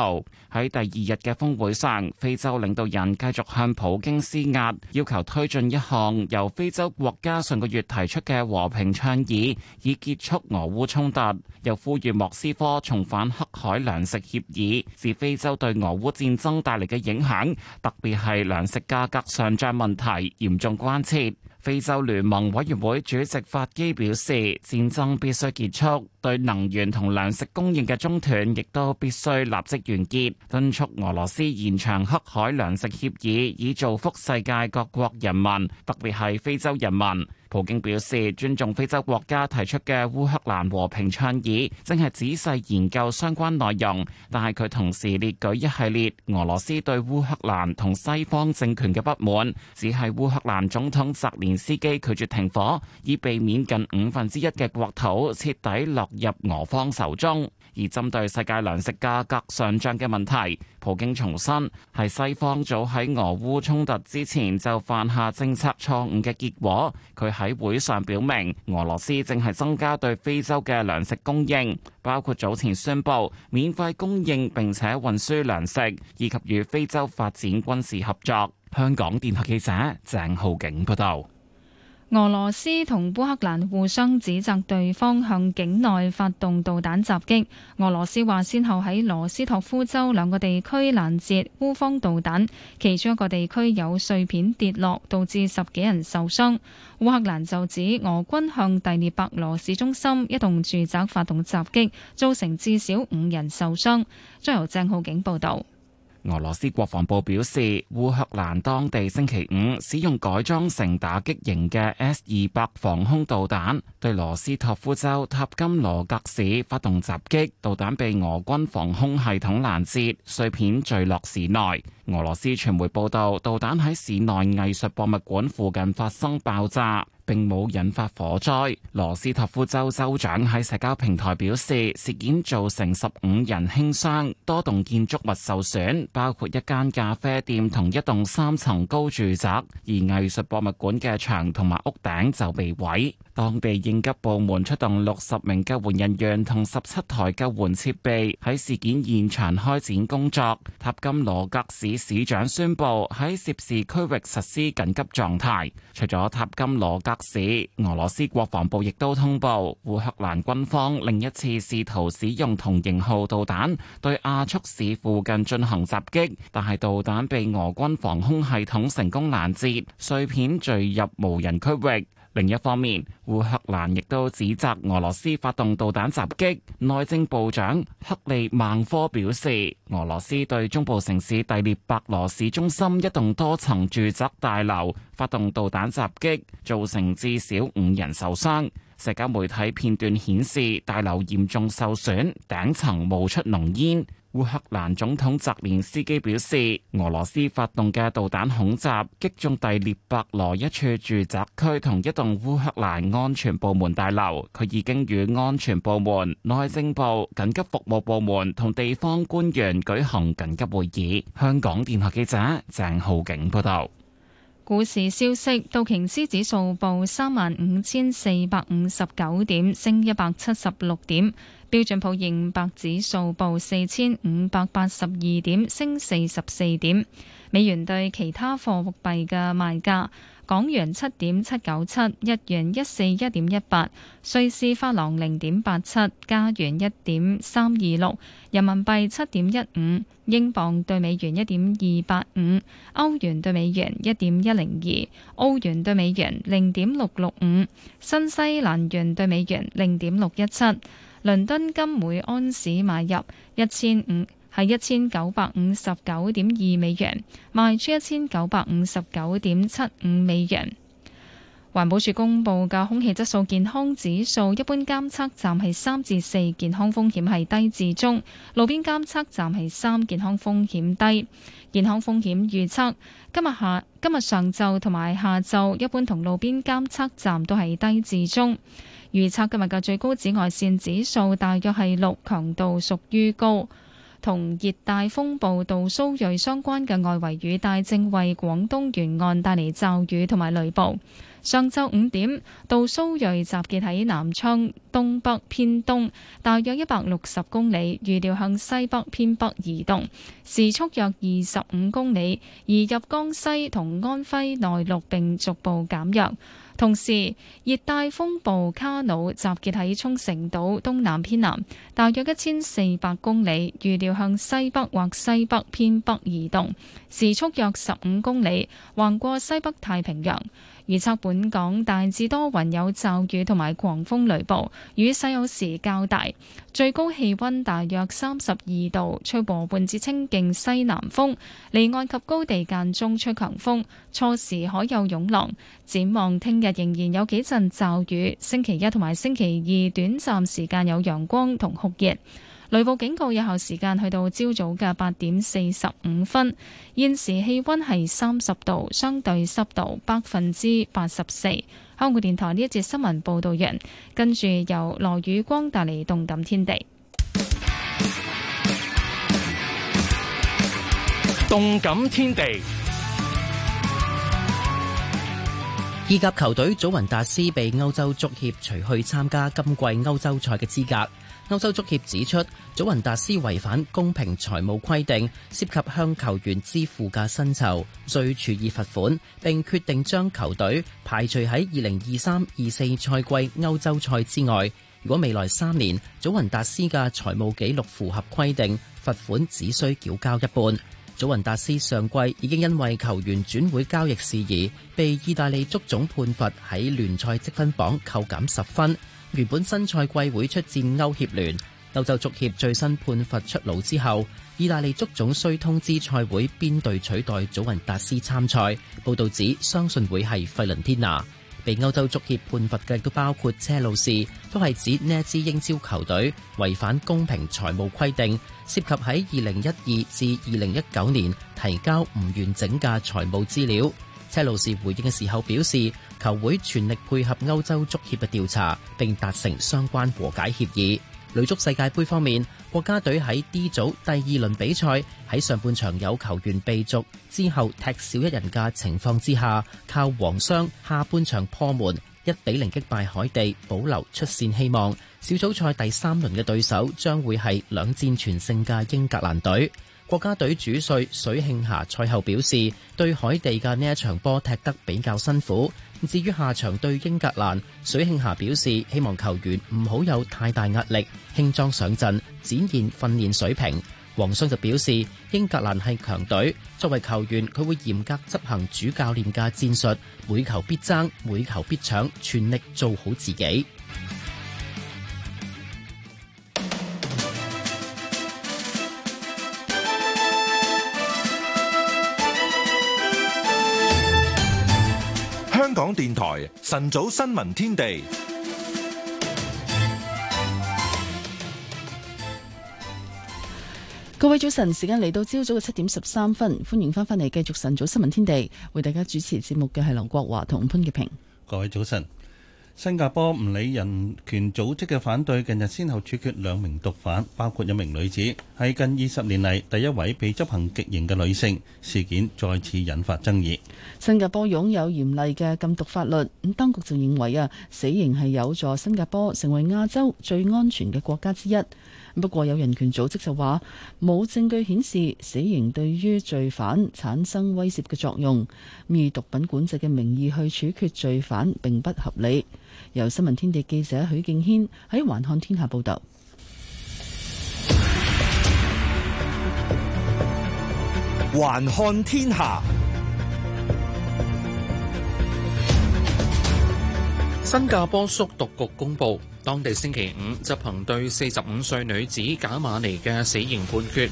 喺第二日嘅峰會上，非洲領導人繼續向普京施壓，要求推進一項由非洲國家上個月提出嘅和平倡議，以結束俄烏衝突。又呼籲莫斯科重返黑海糧食協議，是非洲對俄烏戰爭帶嚟嘅影響，特別係糧食價格上漲問題嚴重關切。非洲聯盟委員會主席法基表示，戰爭必須結束，對能源同糧食供應嘅中斷亦都必須立即完結，敦促俄羅斯延長黑海糧食協議，以造福世界各國人民，特別係非洲人民。普京表示尊重非洲國家提出嘅烏克蘭和平倡議，正係仔細研究相關內容。但係佢同時列舉一系列俄羅斯對烏克蘭同西方政權嘅不滿，只係烏克蘭總統澤連斯基拒絕停火，以避免近五分之一嘅國土徹底落入俄方手中。而針對世界糧食價格上漲嘅問題，普京重申係西方早喺俄烏衝突之前就犯下政策錯誤嘅結果。佢喺會上表明，俄羅斯正係增加對非洲嘅糧食供應，包括早前宣布免費供應並且運輸糧食，以及與非洲發展軍事合作。香港電台記者鄭浩景報道。俄羅斯同烏克蘭互相指責對方向境內發動導彈襲擊。俄羅斯話先後喺羅斯托夫州兩個地區攔截烏方導彈，其中一個地區有碎片跌落，導致十幾人受傷。烏克蘭就指俄軍向第聶伯羅市中心一棟住宅發動襲擊，造成至少五人受傷。將由鄭浩景報道。俄羅斯國防部表示，烏克蘭當地星期五使用改裝成打擊型嘅 S 二百防空導彈，對羅斯托夫州塔甘羅格市發動襲擊，導彈被俄軍防空系統攔截，碎片墜落市內。俄羅斯傳媒報道，導彈喺市內藝術博物館附近發生爆炸。並冇引發火災。羅斯托夫州州長喺社交平台表示，事件造成十五人輕傷，多棟建築物受損，包括一間咖啡店同一棟三層高住宅，而藝術博物館嘅牆同埋屋頂就被毀。當地應急部門出動六十名救援人員同十七台救援設備喺事件現場開展工作。塔甘羅格市市長宣布喺涉事區域實施緊急狀態。除咗塔甘羅格市，俄羅斯國防部亦都通報烏克蘭軍方另一次試圖使用同型號導彈對亞速市附近進行襲擊，但係導彈被俄軍防空系統成功攔截，碎片墜入無人區域。另一方面，烏克蘭亦都指責俄羅斯發動導彈襲擊，內政部長克利孟科表示，俄羅斯對中部城市第列白羅市中心一棟多層住宅大樓發動導彈襲擊造成至少五人受傷，社交媒體片段顯示，大樓嚴重受損，頂層冒出濃煙。烏克蘭總統澤連斯基表示，俄羅斯發動嘅導彈恐襲擊中第聶伯羅一處住宅區同一棟烏克蘭安全部門大樓。佢已經與安全部門、內政部、緊急服務部門同地方官員舉行緊急會議。香港電台記者鄭浩景報道。股市消息：道瓊斯指數報三萬五千四百五十九點，升一百七十六點。標準普爾五百指數報四千五百八十二點，升四十四點。美元對其他貨幣嘅賣價：港元七點七九七，日元一四一點一八，瑞士法郎零點八七，加元一點三二六，人民幣七點一五，英鎊兌美元一點二八五，歐元兌美元一點一零二，澳元兌美元零點六六五，新西蘭元兌美元零點六一七。倫敦金每安士買入一千五係一千九百五十九點二美元，賣出一千九百五十九點七五美元。環保署公布嘅空氣質素健康指數，一般監測站係三至四，健康風險係低至中；路邊監測站係三，健康風險低。健康風險預測今日下今日上晝同埋下晝，一般同路邊監測站都係低至中。預測今日嘅最高紫外線指數大約係六，強度屬於高。同熱帶風暴杜蘇芮相關嘅外圍雨帶正為廣東沿岸帶嚟驟雨同埋雷暴。上晝五點，杜蘇芮集結喺南昌東北偏東，大約一百六十公里，預料向西北偏北移動，時速約二十五公里，移入江西同安徽內陸並逐步減弱。同時，熱帶風暴卡努集結喺沖繩島東南偏南，大約一千四百公里，預料向西北或西北偏北移動，時速約十五公里，橫過西北太平洋。預測本港大致多雲，有驟雨同埋狂風雷暴，雨勢有時較大，最高氣溫大約三十二度，吹和緩至清勁西南風，離岸及高地間中吹強風，初時可有湧浪。展望聽日仍然有幾陣驟雨，星期一同埋星期二短暫時間有陽光同酷熱。雷暴警告有效時間去到朝早嘅八點四十五分。現時氣溫係三十度，相對濕度百分之八十四。香港電台呢一節新聞報道完，跟住由羅宇光帶嚟動感天地。動感天地。意甲球隊祖雲達斯被歐洲足協除去參加今季歐洲賽嘅資格。歐洲足協指出，祖雲達斯違反公平財務規定，涉及向球員支付嘅薪酬，最處以罰款，並決定將球隊排除喺二零二三二四賽季歐洲賽之外。如果未來三年祖雲達斯嘅財務記錄符合規定，罰款只需繳交一半。祖雲達斯上季已經因為球員轉會交易事宜，被意大利足總判罰喺聯賽積分榜扣減十分。原本新賽季會出戰歐協聯，歐洲足協最新判罰出爐之後，意大利足總需通知賽會邊隊取代祖雲達斯參賽，報道指相信會係費倫天拿。被歐洲足協判罰嘅，都包括車路士，都係指呢支英超球隊違反公平財務規定，涉及喺二零一二至二零一九年提交唔完整嘅財務資料。車路士回應嘅時候表示，球會全力配合歐洲足協嘅調查，並達成相關和解協議。女足世界杯方面，國家隊喺 D 組第二輪比賽喺上半場有球員被逐之後踢少一人嘅情況之下，靠王霜下半場破門，一比零擊敗海地，保留出線希望。小組賽第三輪嘅對手將會係兩戰全勝嘅英格蘭隊。國家隊主帥水慶霞賽後表示，對海地嘅呢一場波踢得比較辛苦。至於下場對英格蘭，水慶霞表示希望球員唔好有太大壓力，輕裝上陣，展現訓練水平。王霜就表示，英格蘭係強隊，作為球員佢會嚴格執行主教練嘅戰術，每球必爭，每球必搶，全力做好自己。電台晨早新聞天地，各位早晨，時間嚟到朝早嘅七點十三分，歡迎翻返嚟繼續晨早新聞天地，為大家主持節目嘅係劉國華同潘潔平。各位早晨。新加坡唔理人權組織嘅反對，近日先後處決兩名毒犯，包括一名女子，係近二十年嚟第一位被執行極刑嘅女性。事件再次引發爭議。新加坡擁有嚴厲嘅禁毒法律，咁當局就認為啊，死刑係有助新加坡成為亞洲最安全嘅國家之一。不過，有人權組織就話冇證據顯示死刑對於罪犯產生威脅嘅作用，以毒品管制嘅名義去處決罪犯並不合理。由新聞天地記者許敬軒喺《環看天下》報道。《環看天下》新加坡肅毒局公布，當地星期五執行對四十五歲女子賈馬尼嘅死刑判決。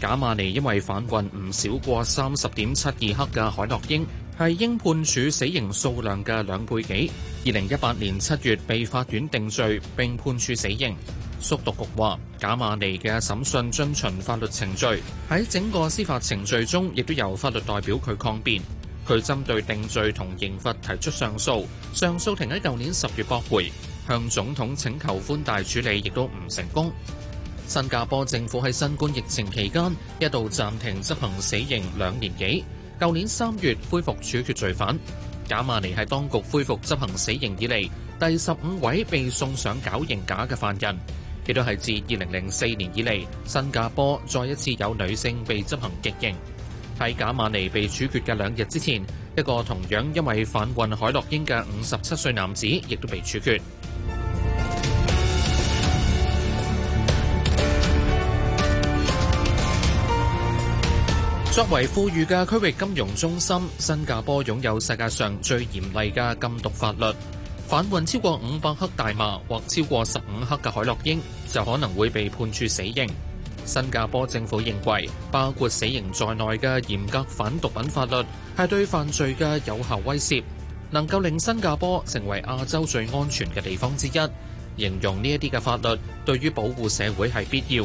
賈馬尼因為販運唔少過三十點七二克嘅海洛英，係應判處死刑數量嘅兩倍幾。二零一八年七月被法院定罪並判處死刑。緝毒局話，賈馬尼嘅審訊遵循法律程序，喺整個司法程序中亦都由法律代表佢抗辯。佢針對定罪同刑罰提出上訴，上訴庭喺舊年十月駁回，向總統請求寬大處理亦都唔成功。新加坡政府喺新冠疫情期間一度暫停執行死刑兩年幾。舊年三月恢復處決罪犯。賈馬尼係當局恢復執行死刑以嚟，第十五位被送上絞刑架嘅犯人，亦都係自二零零四年以嚟新加坡再一次有女性被執行極刑。喺賈馬尼被處決嘅兩日之前，一個同樣因為販運海洛因嘅五十七歲男子亦都被處決。作為富裕嘅區域金融中心，新加坡擁有世界上最嚴厲嘅禁毒法律。販運超過五百克大麻或超過十五克嘅海洛因，就可能會被判處死刑。新加坡政府認為，包括死刑在內嘅嚴格反毒品法律係對犯罪嘅有效威懾，能夠令新加坡成為亞洲最安全嘅地方之一。形容呢一啲嘅法律對於保護社會係必要。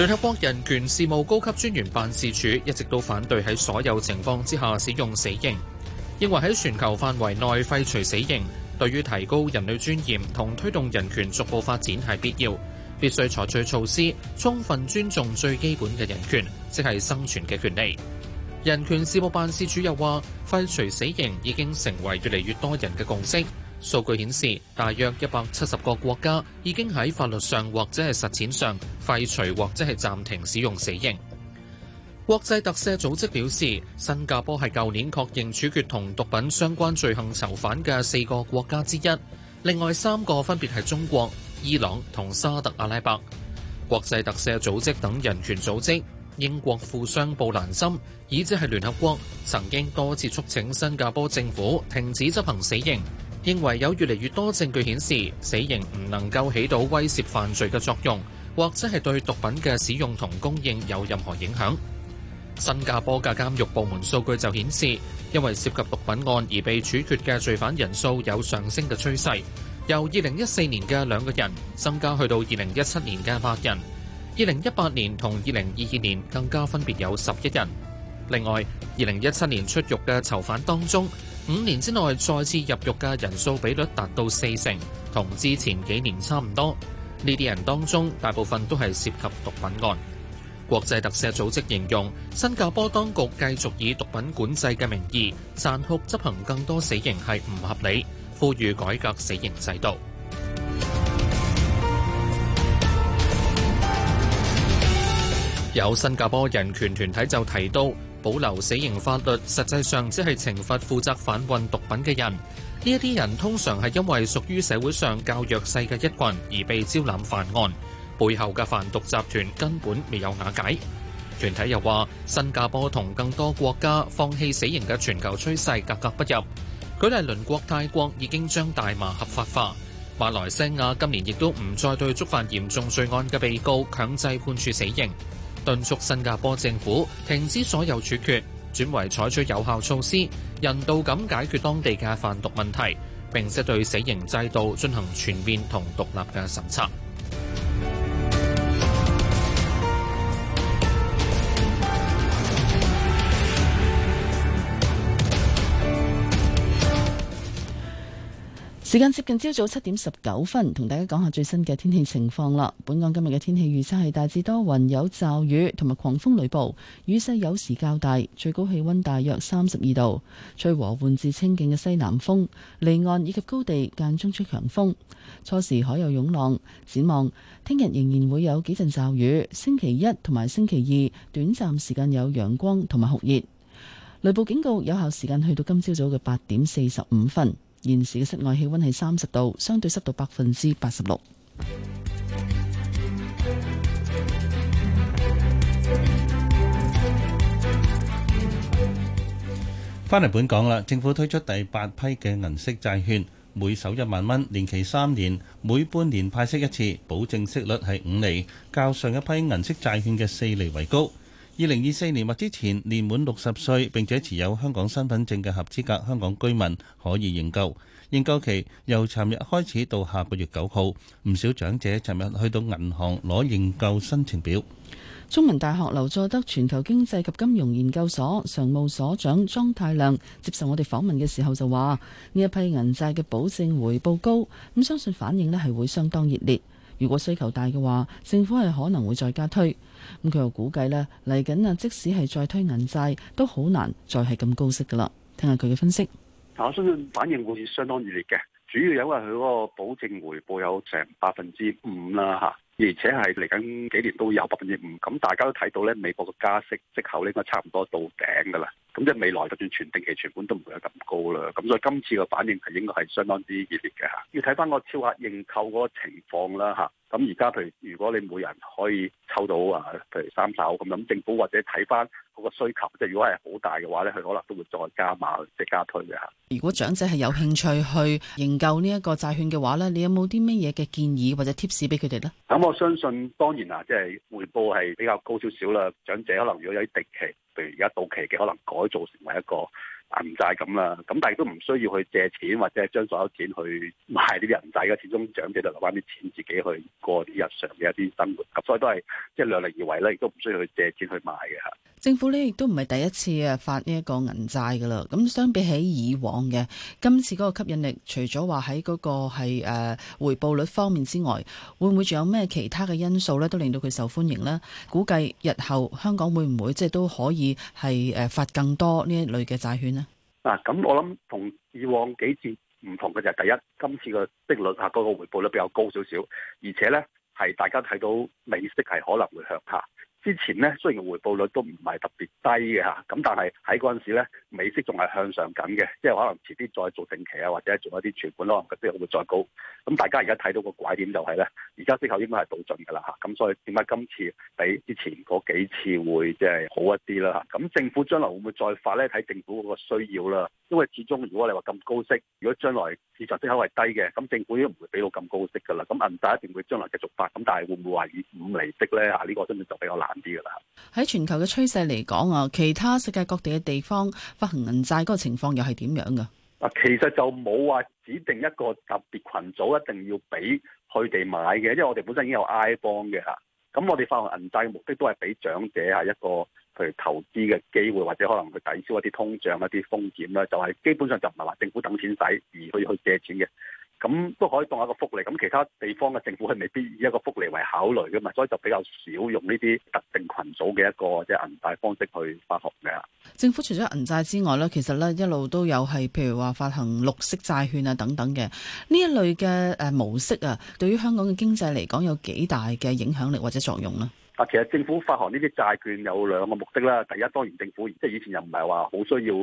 聯合國人權事務高級專員辦事處一直都反對喺所有情況之下使用死刑，認為喺全球範圍內廢除死刑對於提高人類尊嚴同推動人權逐步發展係必要，必須採取措施充分尊重最基本嘅人權，即係生存嘅權利。人權事務辦事處又話，廢除死刑已經成為越嚟越多人嘅共識。數據顯示，大約一百七十個國家已經喺法律上或者係實踐上廢除或者係暫停使用死刑。國際特赦組織表示，新加坡係舊年確認處決同毒品相關罪行囚犯嘅四個國家之一，另外三個分別係中國、伊朗同沙特阿拉伯。國際特赦組織等人權組織、英國富商布蘭森，以至係聯合國，曾經多次促請新加坡政府停止執行死刑。認為有越嚟越多證據顯示，死刑唔能夠起到威懾犯罪嘅作用，或者係對毒品嘅使用同供應有任何影響。新加坡嘅監獄部門數據就顯示，因為涉及毒品案而被處決嘅罪犯人數有上升嘅趨勢，由二零一四年嘅兩個人增加去到二零一七年嘅八人，二零一八年同二零二二年更加分別有十一人。另外，二零一七年出獄嘅囚犯當中，五年之內再次入獄嘅人數比率達到四成，同之前幾年差唔多。呢啲人當中，大部分都係涉及毒品案。國際特赦組織形容，新加坡當局繼續以毒品管制嘅名義殘酷執行更多死刑係唔合理，呼籲改革死刑制度。 有新加坡人權團體就提到。保留死刑法律，實際上只係懲罰負責販運毒品嘅人。呢一啲人通常係因為屬於社會上較弱勢嘅一羣，而被招攬犯案。背後嘅販毒集團根本未有瓦解。團體又話，新加坡同更多國家放棄死刑嘅全球趨勢格格不入。舉例，鄰國泰國已經將大麻合法化，馬來西亞今年亦都唔再對觸犯嚴重罪案嘅被告強制判處死刑。敦促新加坡政府停止所有處決，轉為採取有效措施，人道咁解決當地嘅販毒問題，並且對死刑制度進行全面同獨立嘅審查。時間接近朝早七點十九分，同大家講下最新嘅天氣情況啦。本港今日嘅天氣預測係大致多雲有驟雨，同埋狂風雷暴，雨勢有時較大，最高氣溫大約三十二度，吹和緩至清勁嘅西南風，離岸以及高地間中吹強風，初時海有湧浪。展望聽日仍然會有幾陣驟雨，星期一同埋星期二短暫時間有陽光同埋酷熱，雷暴警告有效時間去到今朝早嘅八點四十五分。現時嘅室外氣溫係三十度，相對濕度百分之八十六。翻嚟本港啦，政府推出第八批嘅銀色債券，每手一萬蚊，年期三年，每半年派息一次，保證息率係五厘，較上一批銀色債券嘅四厘為高。二零二四年或之前年滿六十歲並且持有香港身份證嘅合資格香港居民可以認購，認購期由尋日開始到下個月九號。唔少長者尋日去到銀行攞認購申請表。中文大學劉佐德全球經濟及金融研究所常務所長莊太量接受我哋訪問嘅時候就話：呢一批銀債嘅保證回報高，咁相信反應咧係會相當熱烈。如果需求大嘅話，政府係可能會再加推。咁佢又估計呢嚟緊啊，即使係再推銀債，都好難再係咁高息噶啦。聽下佢嘅分析。我相信反應會相當熱烈嘅，主要因為佢嗰個保證回報有成百分之五啦吓，而且係嚟緊幾年都有百分之五。咁大家都睇到呢美國嘅加息息口咧，應該差唔多到頂噶啦。咁即係未來就算全定期存款都唔會有咁高啦。咁所以今次個反應係應該係相當之熱烈嘅嚇。要睇翻個超額認購嗰個情況啦嚇。咁而家譬如如果你每人可以抽到啊，譬如三手咁，咁政府或者睇翻嗰個需求，即係如果係好大嘅話咧，佢可能都會再加碼即係加推嘅嚇。如果長者係有興趣去認購呢一個債券嘅話咧，你有冇啲乜嘢嘅建議或者 tips 俾佢哋咧？咁我相信當然啊，即係回報係比較高少少啦。長者可能如果有啲定期。譬如而家到期嘅，可能改造成為一個。銀債咁啦，咁但係都唔需要去借錢或者將所有錢去買啲銀債嘅，始終長者都留翻啲錢自己去過啲日常嘅一啲生活，咁所以都係即係量力而為咧，亦都唔需要去借錢去買嘅。政府呢亦都唔係第一次啊發呢一個銀債噶啦，咁相比起以往嘅今次嗰個吸引力，除咗話喺嗰個係回報率方面之外，會唔會仲有咩其他嘅因素咧，都令到佢受歡迎呢？估計日後香港會唔會即係都可以係誒發更多呢一類嘅債券？啊，咁我諗同以往幾次唔同嘅就係第一，今次嘅息率啊，嗰個回報率比較高少少，而且呢，係大家睇到美息係可能會向下。之前咧，雖然回報率都唔係特別低嘅嚇，咁但係喺嗰陣時咧，美息仲係向上緊嘅，即係可能遲啲再做定期啊，或者做一啲存款咯，即係會再高。咁大家而家睇到個拐點就係咧，而家息口應該係到盡嘅啦嚇，咁所以點解今次比之前嗰幾次會即係好一啲啦？咁政府將來會唔會再發咧？睇政府嗰個需要啦。因為始終如果你話咁高息，如果將來市場息口係低嘅，咁政府都唔會俾到咁高息嘅啦。咁銀大一定會將來繼續發，咁但係會唔會話以五厘息咧？啊，呢個真係就比較難。啲噶啦。喺全球嘅趨勢嚟講啊，其他世界各地嘅地方發行銀債嗰個情況又係點樣噶？啊，其實就冇話指定一個特別群組一定要俾佢哋買嘅，因為我哋本身已經有 I 幫嘅吓，咁我哋發行銀債嘅目的都係俾長者啊一個譬如投資嘅機會，或者可能去抵消一啲通脹、一啲風險啦，就係、是、基本上就唔係話政府等錢使，而去去借錢嘅。咁都可以當一個福利，咁其他地方嘅政府係未必以一個福利為考慮㗎嘛，所以就比較少用呢啲特定群組嘅一個即係銀債方式去發行嘅。政府除咗銀債之外呢，其實呢一路都有係譬如話發行綠色債券啊等等嘅呢一類嘅誒模式啊，對於香港嘅經濟嚟講有幾大嘅影響力或者作用呢？啊，其實政府發行呢啲債券有兩個目的啦，第一當然政府即係以前又唔係話好需要。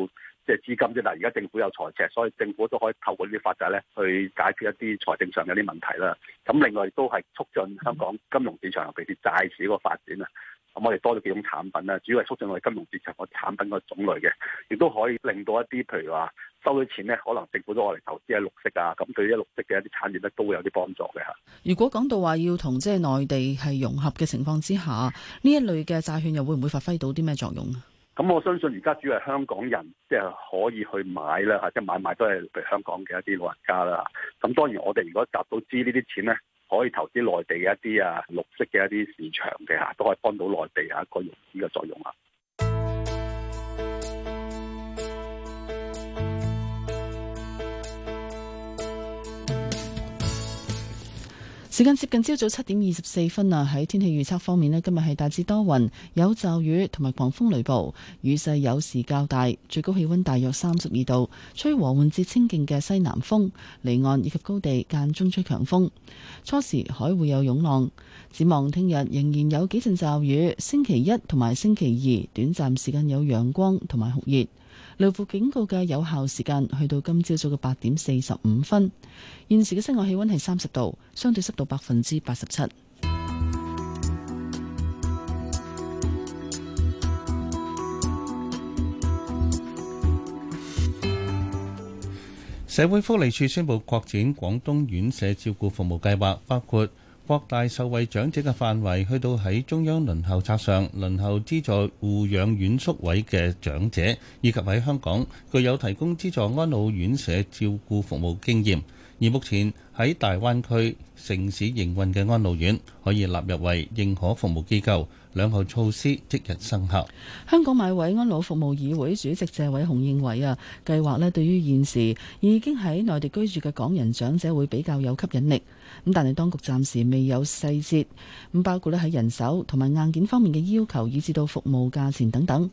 即係資金啫，嗱，而家政府有財赤，所以政府都可以透過呢啲法例咧，去解決一啲財政上有啲問題啦。咁另外亦都係促進香港金融市場，尤其是債市嗰個發展啊。咁我哋多咗幾種產品啦，主要係促進我哋金融市場個產品個種類嘅，亦都可以令到一啲譬如話收咗錢咧，可能政府都用嚟投資喺綠色啊，咁對於綠色嘅一啲產業咧都會有啲幫助嘅嚇。如果講到話要同即係內地係融合嘅情況之下，呢一類嘅債券又會唔會發揮到啲咩作用啊？咁我相信而家主要係香港人即係、就是、可以去買啦嚇，即、就、係、是、買賣都係譬如香港嘅一啲老人家啦。咁當然我哋如果集到資呢啲錢呢，可以投資內地嘅一啲啊綠色嘅一啲市場嘅嚇，都可以幫到內地呀一個融資嘅作用啦。時間接近朝早七點二十四分啊！喺天氣預測方面呢，今日係大致多雲，有驟雨同埋狂風雷暴，雨勢有時較大，最高氣溫大約三十二度，吹和緩至清勁嘅西南風，離岸以及高地間中吹強風，初時海會有湧浪。展望聽日仍然有幾陣驟雨，星期一同埋星期二短暫時間有陽光同埋酷熱。雷暴警告嘅有效時間去到今朝早嘅八點四十五分。現時嘅室外氣溫係三十度，相對濕度百分之八十七。社會福利署宣布擴展廣東院舍照顧服務計劃，包括，各大受惠長者嘅範圍去到喺中央輪候冊上輪候資助護養院宿位嘅長者，以及喺香港具有提供資助安老院舍照顧服務經驗。而目前喺大灣區城市營運嘅安老院可以納入為認可服務機構，兩項措施即日生效。香港買位安老服務議會主席謝偉雄認為啊，計劃咧對於現時已經喺內地居住嘅港人長者會比較有吸引力。咁但係當局暫時未有細節，咁包括咧喺人手同埋硬件方面嘅要求，以至到服務價錢等等。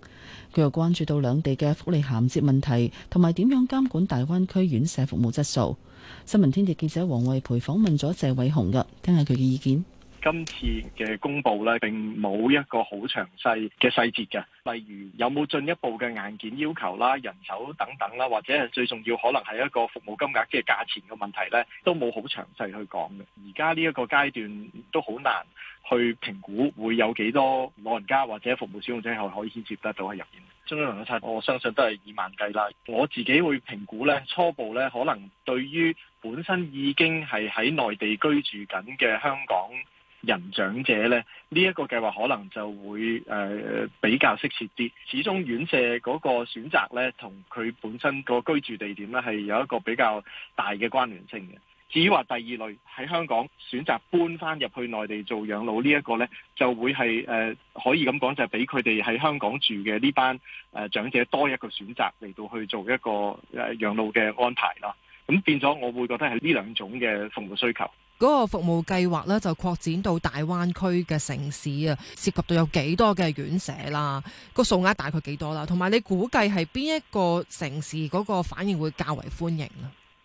佢又關注到兩地嘅福利銜接問題，同埋點樣監管大灣區院舍服務質素。新聞天地記者黃慧培訪問咗謝偉雄嘅，聽下佢嘅意見。今次嘅公布咧，並冇一個好詳細嘅細節嘅，例如有冇進一步嘅硬件要求啦、人手等等啦，或者係最重要，可能係一個服務金額即係價錢嘅問題咧，都冇好詳細去講嘅。而家呢一個階段都好難去評估會有幾多老人家或者服務使用者係可以牽涉得到喺入邊。 中央銀行我相信都係以萬計啦。我自己會評估咧，初步咧，可能對於本身已經係喺內地居住緊嘅香港。人長者咧，呢、這、一個計劃可能就會誒、呃、比較適切啲。始終院舍嗰個選擇咧，同佢本身個居住地點咧係有一個比較大嘅關聯性嘅。至於話第二類喺香港選擇搬翻入去內地做養老呢一個咧，就會係誒、呃、可以咁講就係俾佢哋喺香港住嘅呢班誒、呃、長者多一個選擇嚟到去做一個誒、呃、養老嘅安排啦。咁變咗，我會覺得係呢兩種嘅服務需求。嗰個服務計劃咧就擴展到大灣區嘅城市啊，涉及到有幾多嘅院舍啦、啊，個數額大概幾多啦、啊，同埋你估計係邊一個城市嗰個反應會較為歡迎咧、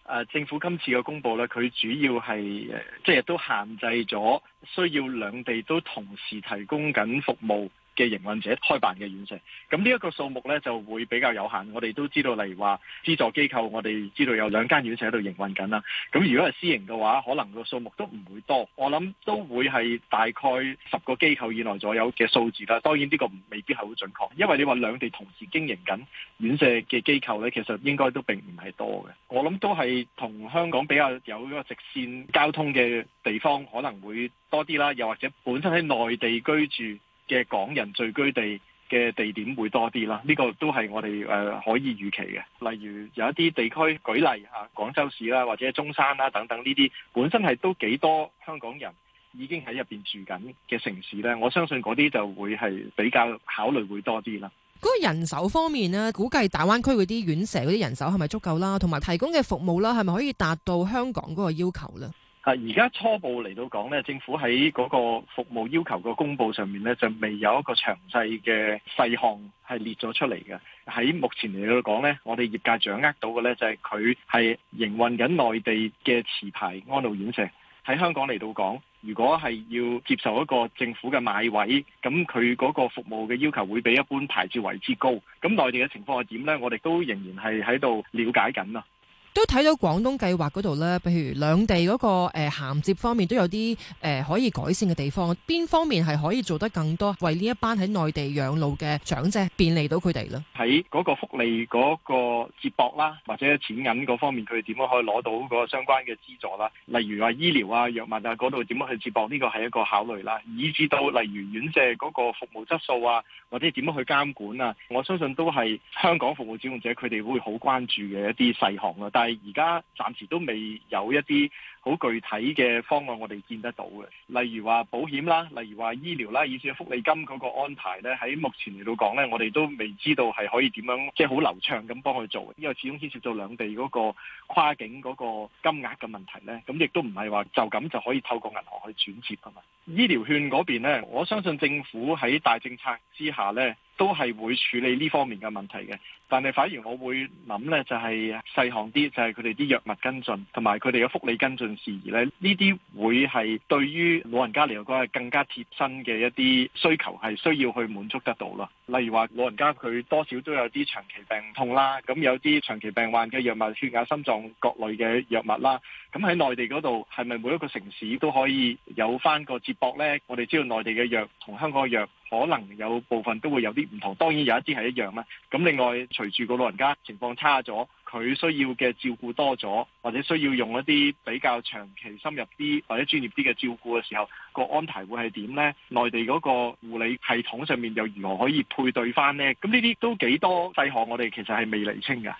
啊？誒、啊，政府今次嘅公佈咧，佢主要係即係都限制咗需要兩地都同時提供緊服務。嘅營運者開辦嘅院舍，咁呢一個數目呢就會比較有限。我哋都知道，例如話資助機構，我哋知道有兩間院舍喺度營運緊啦。咁如果係私營嘅話，可能個數目都唔會多。我諗都會係大概十個機構以內左右嘅數字啦。當然呢個未必係好準確，因為你話兩地同時經營緊院舍嘅機構呢，其實應該都並唔係多嘅。我諗都係同香港比較有一個直線交通嘅地方可能會多啲啦，又或者本身喺內地居住嘅港人聚居地嘅地點會多啲啦，呢個都係我哋誒可以預期嘅。例如有一啲地區舉例吓，廣州市啦，或者中山啦等等呢啲，本身係都幾多香港人已經喺入邊住緊嘅城市咧。我相信嗰啲就會係比較考慮會多啲啦。嗰個，人手方面咧，估計大灣區嗰啲院舍嗰啲人手係咪足夠啦？同埋提供嘅服務啦，係咪可以達到香港嗰個要求咧？而家初步嚟到講呢，政府喺嗰個服務要求個公佈上面呢，就未有一個詳細嘅細項係列咗出嚟嘅。喺目前嚟到講呢，我哋業界掌握到嘅呢，就係佢係營運緊內地嘅持牌安老院舍。喺香港嚟到講，如果係要接受一個政府嘅買位，咁佢嗰個服務嘅要求會比一般牌照為之高。咁內地嘅情況係點呢？我哋都仍然係喺度了解緊啊。都睇到廣東計劃嗰度咧，譬如兩地嗰、那個誒、呃、銜接方面都有啲誒、呃、可以改善嘅地方。邊方面係可以做得更多，為呢一班喺內地養老嘅長者便利到佢哋咧？喺嗰個福利嗰個接駁啦，或者錢銀嗰方面，佢哋點樣可以攞到個相關嘅資助啦？例如話醫療啊、藥物啊嗰度點樣去接駁？呢個係一個考慮啦。以至到例如院舍嗰個服務質素啊，或者點樣去監管啊，我相信都係香港服務使用者佢哋會好關注嘅一啲細項啊。但係而家暫時都未有一啲好具體嘅方案，我哋見得到嘅，例如話保險啦，例如話醫療啦，以至福利金嗰個安排咧，喺目前嚟到講咧，我哋都未知道係可以點樣，即係好流暢咁幫佢做，因為始終牽涉到兩地嗰個跨境嗰個金額嘅問題咧，咁亦都唔係話就咁就可以透過銀行去轉接噶嘛。醫療券嗰邊咧，我相信政府喺大政策之下咧。都係會處理呢方面嘅問題嘅，但係反而我會諗呢，就係細項啲，就係佢哋啲藥物跟進，同埋佢哋嘅福利跟進事宜咧。呢啲會係對於老人家嚟講係更加貼身嘅一啲需求，係需要去滿足得到咯。例如話，老人家佢多少都有啲長期病痛啦，咁有啲長期病患嘅藥物、血壓、心臟各類嘅藥物啦，咁喺內地嗰度係咪每一個城市都可以有翻個接駁呢？我哋知道內地嘅藥同香港嘅藥。可能有部分都會有啲唔同，當然有一啲係一樣啦。咁另外，隨住個老人家情況差咗，佢需要嘅照顧多咗，或者需要用一啲比較長期深入啲或者專業啲嘅照顧嘅時候，個安排會係點呢？內地嗰個護理系統上面又如何可以配對返呢？咁呢啲都幾多細項，我哋其實係未釐清㗎。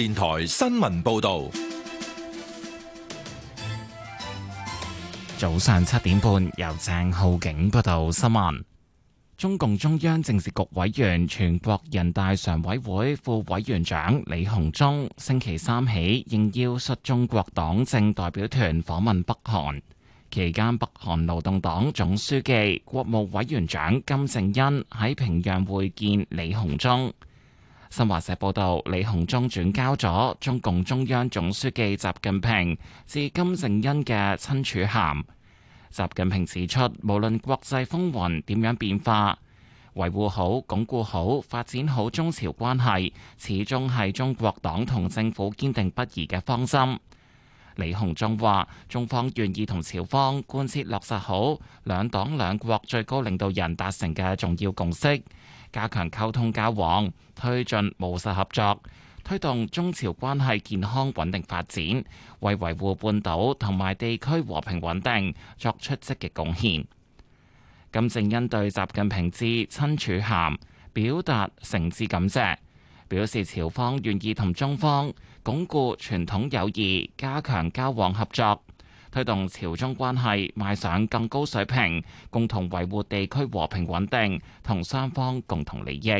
電台新聞報道，早上七點半由鄭浩景報道新聞。中共中央政治局委員、全國人大常委會副委員長李鴻忠星期三起應邀率中國黨政代表團訪問北韓，期間北韓勞動黨總書記、國務委員長金正恩喺平壤會見李鴻忠。新華社報道，李鴻忠轉交咗中共中央總書記習近平致金正恩嘅親署函。習近平指出，無論國際風雲點樣變化，維護好、鞏固好、發展好中朝關係，始終係中國黨同政府堅定不移嘅方針。李鴻忠話，中方願意同朝方貫徹落實好兩黨兩國最高領導人達成嘅重要共識。加強溝通交往，推進務實合作，推動中朝關係健康穩定發展，為維護半島同埋地區和平穩定作出積極貢獻。金正恩對習近平致親署函表達誠摯感謝，表示朝方願意同中方鞏固傳統友誼，加強交往合作。推動朝中關係邁上更高水平，共同維護地區和平穩定同雙方共同利益。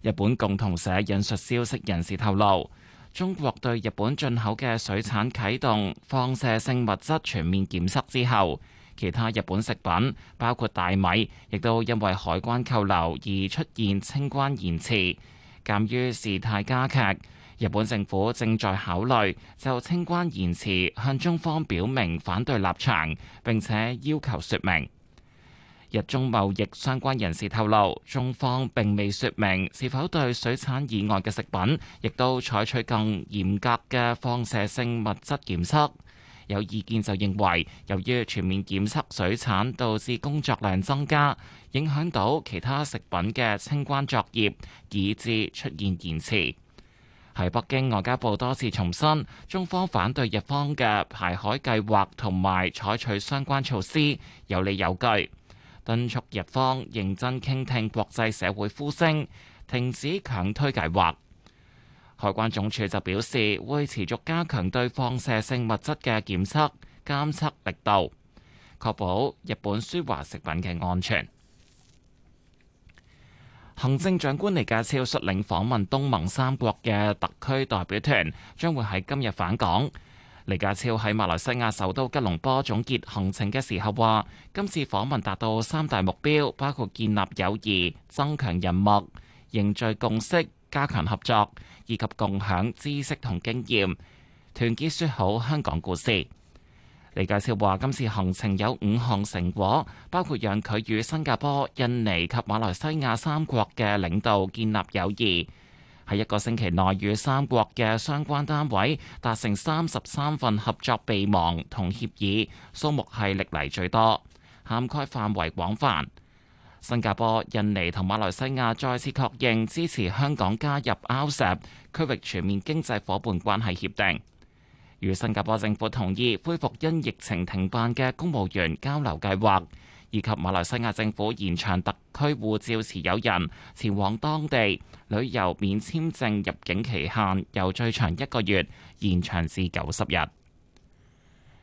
日本共同社引述消息人士透露，中國對日本進口嘅水產啟動放射性物質全面檢測之後，其他日本食品包括大米，亦都因為海關扣留而出現清關延遲。鑑於事態加劇，日本政府正在考慮就清關延遲向中方表明反對立場，並且要求說明。日中貿易相關人士透露，中方並未說明是否對水產以外嘅食品亦都採取更嚴格嘅放射性物質檢測。有意見就認為，由於全面檢測水產導致工作量增加，影響到其他食品嘅清關作業，以致出現延遲。喺北京外交部多次重申，中方反對日方嘅排海計劃同埋採取相關措施有理有據，敦促日方認真傾聽國際社會呼聲，停止強推計劃。海關總署就表示，會持續加強對放射性物質嘅檢測監測力度，確保日本輸華食品嘅安全。行政長官李家超率領訪問東盟三國嘅特區代表團，將會喺今日返港。李家超喺馬來西亞首都吉隆坡總結行程嘅時候話：今次訪問達到三大目標，包括建立友誼、增強人脈、凝聚共識、加強合作以及共享知識同經驗，團結説好香港故事。李家超話：今次行程有五項成果，包括讓佢與新加坡、印尼及馬來西亞三國嘅領導建立友誼，喺一個星期內與三國嘅相關單位達成三十三份合作備忘同協議，數目係歷嚟最多，涵蓋範圍廣泛。新加坡、印尼同馬來西亞再次確認支持香港加入 RCEP 區域全面經濟夥伴關係協定。與新加坡政府同意恢復因疫情停辦嘅公務員交流計劃，以及馬來西亞政府延長特區護照持有人前往當地旅遊免簽證入境期限，由最長一個月延長至九十日。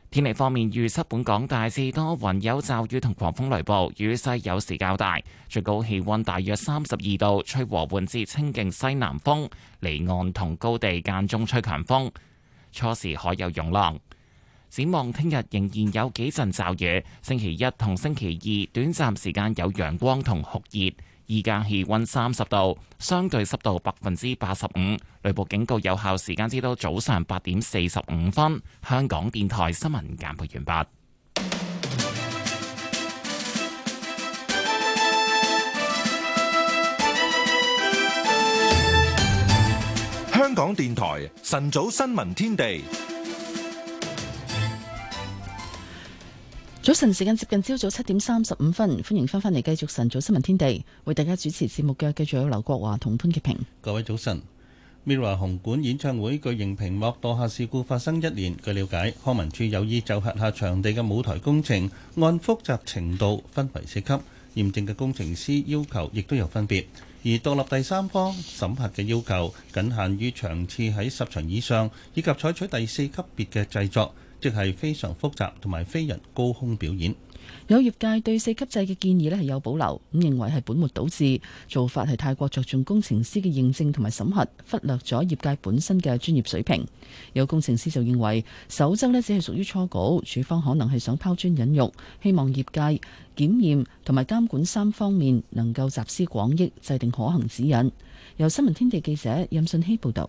天氣方面，預測本港大致多雲，有驟雨同狂風雷暴，雨勢有時較大，最高氣溫大約三十二度，吹和緩至清勁西南風，離岸同高地間中吹強風。初時海有湧浪，展望聽日仍然有幾陣驟雨，星期一同星期二短暫時間有陽光同酷熱，而家氣温三十度，相對濕度百分之八十五，雷暴警告有效時間至到早上八點四十五分。香港電台新聞簡報完畢。港電台晨早新聞天地，早晨時間接近朝早七點三十五分，歡迎翻返嚟繼續晨早新聞天地，為大家主持節目嘅繼續有劉國華同潘潔平。各位早晨，MIRROR 紅館演唱會巨型屏幕墮下事故發生一年，據了解，康文署有意就轄下場地嘅舞台工程按複雜程度分為四級，驗證嘅工程師要求亦都有分別。而獨立第三方審核嘅要求僅限於場次喺十場以上，以及採取第四級別嘅製作，即係非常複雜同埋飛人高空表演。有業界對四級制嘅建議咧係有保留，咁認為係本末倒置，做法係太過着重工程師嘅認證同埋審核，忽略咗業界本身嘅專業水平。有工程師就認為首則咧只係屬於初稿，署方可能係想拋磚引玉，希望業界，檢驗同埋監管三方面能夠集思廣益，制定可行指引。由新聞天地記者任信希報道。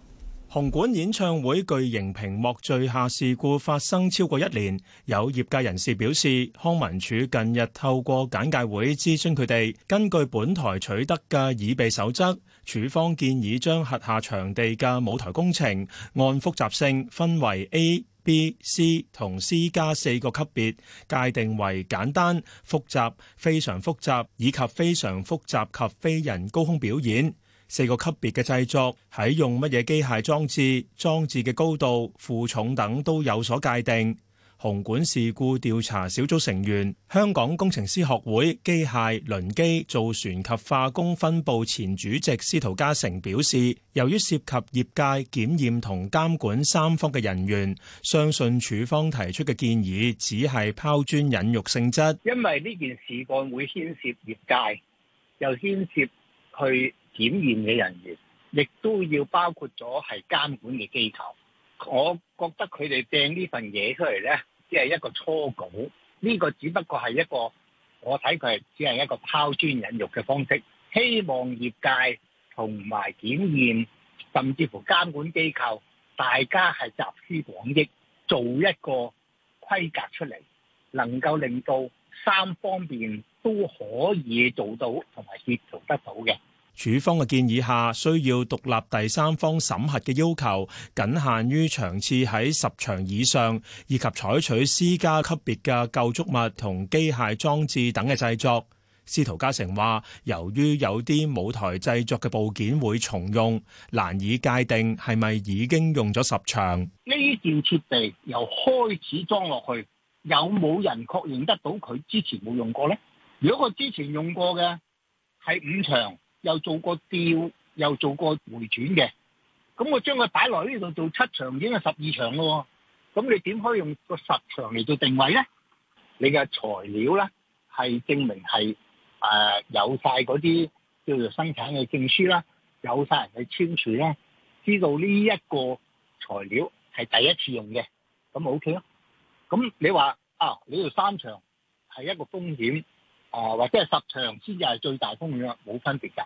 紅館演唱會巨型屏幕墜下事故發生超過一年，有業界人士表示，康文署近日透過簡介會諮詢佢哋，根據本台取得嘅耳備守則，署方建議將轄下場地嘅舞台工程按複雜性分為 A。B、C 同 C 加四個級別，界定為簡單、複雜、非常複雜以及非常複雜及飛人高空表演四個級別嘅製作，喺用乜嘢機械裝置、裝置嘅高度、負重等都有所界定。紅管事故調查小組成員、香港工程師學會機械輪機造船及化工分部前主席司徒嘉誠表示，由於涉及業界、檢驗同監管三方嘅人員，相信署方提出嘅建議只係拋磚引玉性質。因為呢件事故會牽涉業界，又牽涉去檢驗嘅人員，亦都要包括咗係監管嘅機構。我覺得佢哋掟呢份嘢出嚟呢，只係一個初稿，呢個只不過係一個我睇佢係只係一個拋磚引玉嘅方式，希望業界同埋檢驗，甚至乎監管機構，大家係集思廣益，做一個規格出嚟，能夠令到三方面都可以做到同埋協調得到嘅。處方嘅建議下，需要獨立第三方審核嘅要求，僅限於場次喺十場以上，以及採取私家級別嘅構築物同機械裝置等嘅製作。司徒嘉誠話，由於有啲舞台製作嘅部件會重用，難以界定係咪已經用咗十場。呢件設備由開始裝落去，有冇人確認得到佢之前冇用過呢？如果佢之前用過嘅係五場？又做過調，又做過回轉嘅，咁我將佢擺落呢度做七場已經係十二場咯，咁你點可以用個十場嚟做定位咧？你嘅材料咧係證明係誒、呃、有晒嗰啲叫做生產嘅證書啦，有晒人去簽署咧，知道呢一個材料係第一次用嘅，咁 ok 咯。咁你話啊，你做三場係一個風險，啊、呃、或者係十場先至係最大風險，冇分別噶。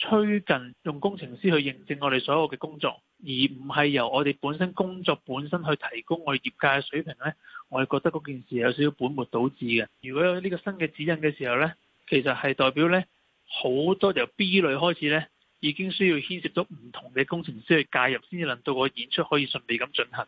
最近用工程師去認證我哋所有嘅工作，而唔係由我哋本身工作本身去提高我哋業界嘅水平咧，我哋覺得嗰件事有少少本末倒置嘅。如果有呢個新嘅指引嘅時候咧，其實係代表咧好多由 B 類開始咧，已經需要牽涉到唔同嘅工程師去介入，先至能到個演出可以順利咁進行。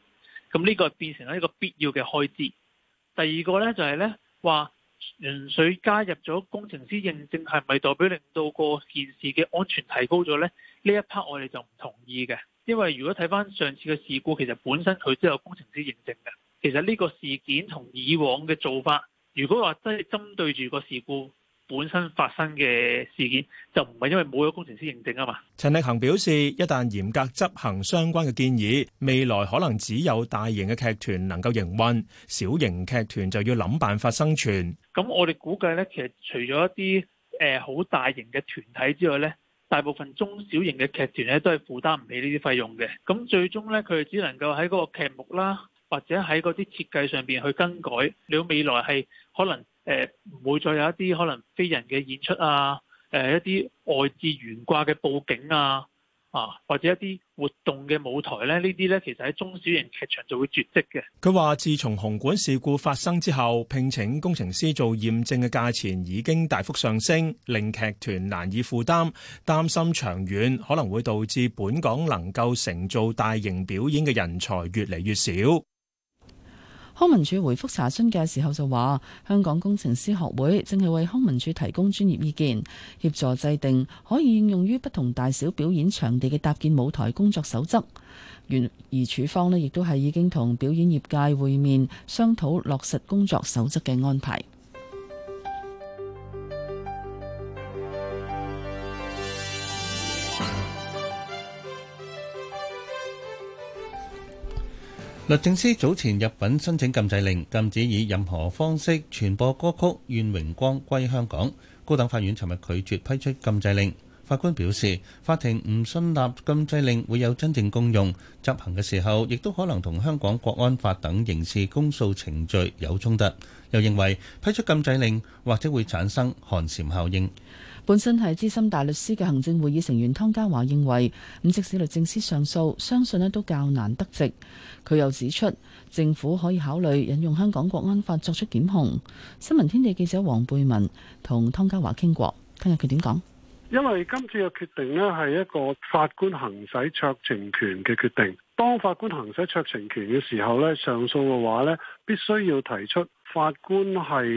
咁、這、呢個變成一個必要嘅開支。第二個咧就係咧話。純粹加入咗工程師認證，係咪代表令到個件事嘅安全提高咗呢？呢一 part 我哋就唔同意嘅，因為如果睇翻上次嘅事故，其實本身佢都有工程師認證嘅。其實呢個事件同以往嘅做法，如果話真係針對住個事故。本身發生嘅事件就唔係因為冇咗工程師認證啊嘛。陳力恒表示，一旦嚴格執行相關嘅建議，未來可能只有大型嘅劇團能夠營運，小型劇團就要諗辦法生存。咁我哋估計咧，其實除咗一啲誒好大型嘅團體之外咧，大部分中小型嘅劇團咧都係負擔唔起呢啲費用嘅。咁最終咧，佢哋只能夠喺嗰個劇目啦，或者喺嗰啲設計上邊去更改。如果未來係可能。誒，唔會再有一啲可能飛人嘅演出啊！誒，一啲外置懸掛嘅布景啊，啊，或者一啲活動嘅舞台咧，呢啲咧其實喺中小型劇場就會絕迹嘅。佢話自從紅館事故發生之後，聘請工程師做驗證嘅價錢已經大幅上升，令劇團難以負擔，擔心長遠可能會導致本港能夠承造大型表演嘅人才越嚟越少。康文署回覆查詢嘅時候就話，香港工程師學會正係為康文署提供專業意見，協助制定可以應用於不同大小表演場地嘅搭建舞台工作守則。而署方呢亦都係已經同表演業界會面，商討落實工作守則嘅安排。律政司早前入禀申請禁制令，禁止以任何方式傳播歌曲《願榮光歸香港》。高等法院尋日拒絕批出禁制令。法官表示，法庭唔信納禁制令會有真正功用，執行嘅時候亦都可能同香港國安法等刑事公訴程序有衝突。又認為批出禁制令或者會產生寒蟬效應。本身係資深大律師嘅行政會議成員湯家驊認為，咁即使律政司上訴，相信呢都較難得直。佢又指出，政府可以考慮引用香港國安法作出檢控。新聞天地記者黃貝文同湯家驊傾過，聽下佢點講。因為今次嘅決定呢係一個法官行使酌情權嘅決定。當法官行使酌情權嘅時候呢，上訴嘅話呢，必須要提出法官係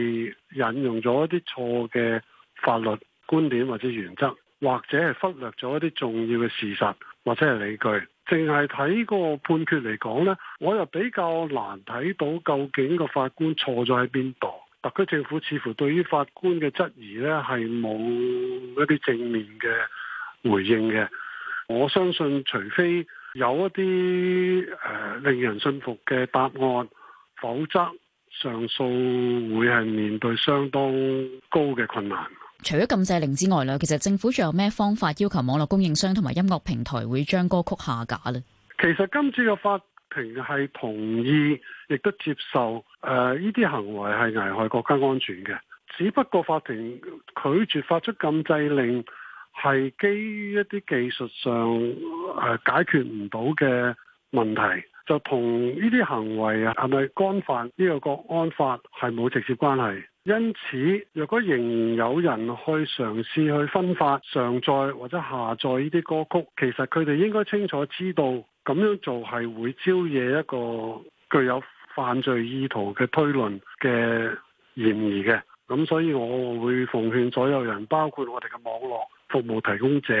引用咗一啲錯嘅法律。觀點或者原則，或者係忽略咗一啲重要嘅事實，或者係理據，淨係睇嗰個判決嚟講，呢我又比較難睇到究竟個法官錯咗喺邊度。特區政府似乎對於法官嘅質疑，呢係冇一啲正面嘅回應嘅。我相信，除非有一啲令人信服嘅答案，否則上訴會係面對相當高嘅困難。除咗禁制令之外咧，其實政府仲有咩方法要求網絡供應商同埋音樂平台會將歌曲下架咧？其實今次嘅法庭係同意，亦都接受誒呢啲行為係危害國家安全嘅。只不過法庭拒絕發出禁制令，係基於一啲技術上誒、呃、解決唔到嘅問題，就同呢啲行為啊，係咪干犯呢個國安法係冇直接關係。因此，若果仍有人去嘗試去分發、上載或者下載呢啲歌曲，其實，佢哋應該清楚知道咁樣做係會招惹一個具有犯罪意圖嘅推論嘅嫌疑嘅。咁所以，我會奉勸所有人，包括我哋嘅網絡服務提供者，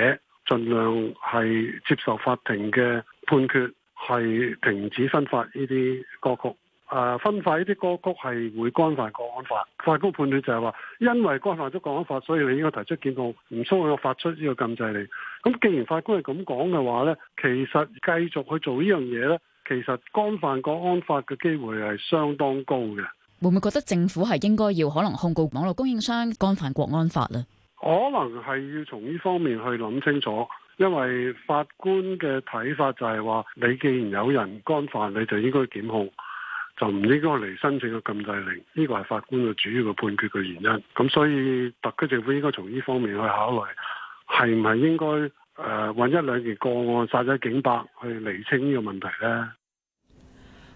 儘量係接受法庭嘅判決，係停止分發呢啲歌曲。誒、啊、分發呢啲歌曲係會干犯國安法，法官判斷就係話，因為干犯咗國安法，所以你應該提出檢控，唔需要發出呢個禁制令。咁既然法官係咁講嘅話呢，其實繼續去做呢樣嘢呢，其實干犯國安法嘅機會係相當高嘅。會唔會覺得政府係應該要可能控告網絡供應商干犯國安法呢？可能係要從呢方面去諗清楚，因為法官嘅睇法就係話，你既然有人干犯，你就應該檢控，就唔應該嚟申請個禁制令，呢個係法官嘅主要嘅判決嘅原因。咁所以特區政府應該從呢方面去考慮，係唔係應該誒揾一兩件個案，殺一儆百，去釐清呢個問題呢？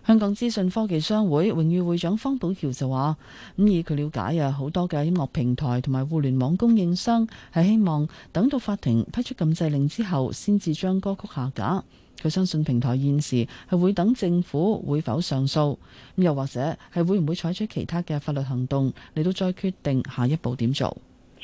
香港資訊科技商會榮譽會長方寶橋就話：咁以佢了解啊，好多嘅音樂平台同埋互聯網供應商係希望等到法庭批出禁制令之後，先至將歌曲下架。佢相信平台現時係會等政府會否上訴，咁又或者係會唔會採取其他嘅法律行動，嚟到再決定下一步點做。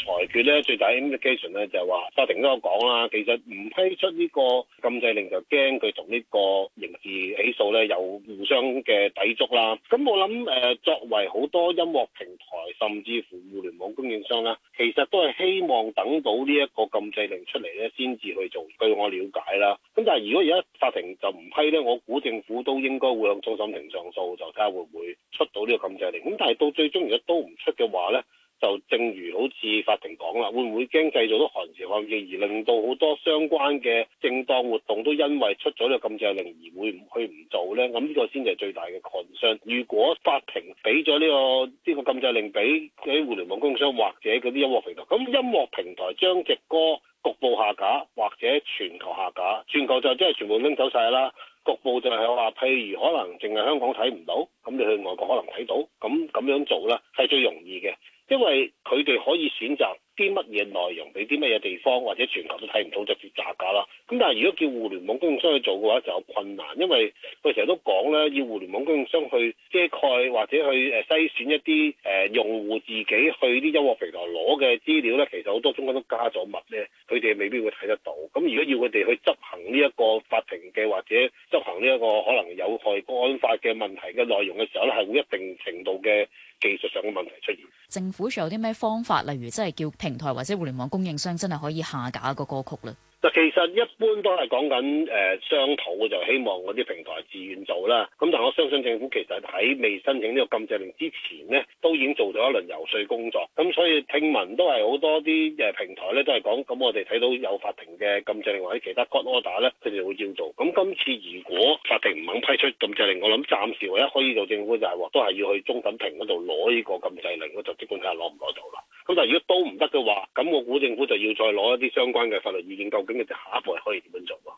裁決咧最大 implication 咧就係話法庭都有講啦，其實唔批出呢個禁制令就驚佢同呢個刑事起訴咧有互相嘅抵觸啦。咁我諗誒、呃、作為好多音樂平台甚至乎互聯網供應商咧，其實都係希望等到呢一個禁制令出嚟咧先至去做。據我了解啦，咁但係如果而家法庭就唔批咧，我估政府都應該會向終審庭上訴，就睇下會唔會出到呢個禁制令。咁但係到最終如果都唔出嘅話咧，就正如好似法庭講啦，會唔會驚製造到寒潮抗議，而令到好多相關嘅正當活動都因為出咗呢個禁制令而會唔去唔做咧？咁呢個先至係最大嘅 concern。如果法庭俾咗呢個呢個禁制令俾互聯網供應商或者嗰啲音樂平台，咁音樂平台將隻歌局部下架或者全球下架，全球就真係全部拎走晒啦。局部就係話譬如可能淨係香港睇唔到，咁你去外國可能睇到，咁咁樣做啦，係最容易嘅。因為佢哋可以選擇啲乜嘢內容俾啲乜嘢地方或者全球都睇唔到就直接㗎啦。咁但係如果叫互聯網供應商去做嘅話就有困難，因為佢成日都講咧，要互聯網供應商去遮蓋或者去誒篩選一啲誒、呃、用戶自己去啲優惠平台攞嘅資料咧，其實好多中間都加咗密咧，佢哋未必會睇得到。咁如果要佢哋去執行呢一個法庭嘅或者執行呢一個可能有害國安法嘅問題嘅內容嘅時候咧，係會一定程度嘅。技術上嘅問題出現，政府仲有啲咩方法，例如真係叫平台或者互聯網供應商真係可以下架一個歌曲咧？嗱，其實一般都係講緊誒商討，就希望嗰啲平台自願做啦。咁，但我相信政府其實喺未申請呢個禁制令之前呢，都已經做咗一輪遊説工作。咁所以聽聞都係好多啲誒平台咧，都係講咁，我哋睇到有法庭嘅禁制令或者其他 court order 咧，佢哋會照做。咁今次如果法庭唔肯批出禁制令，我諗暫時唯一可以做政府就係話都係要去終審庭嗰度攞呢個禁制令，我就即管睇下攞唔攞到啦。咁但係如果都唔得嘅話，咁我估政府就要再攞一啲相關嘅法律意見，究竟佢哋下一步係可以點樣做喎。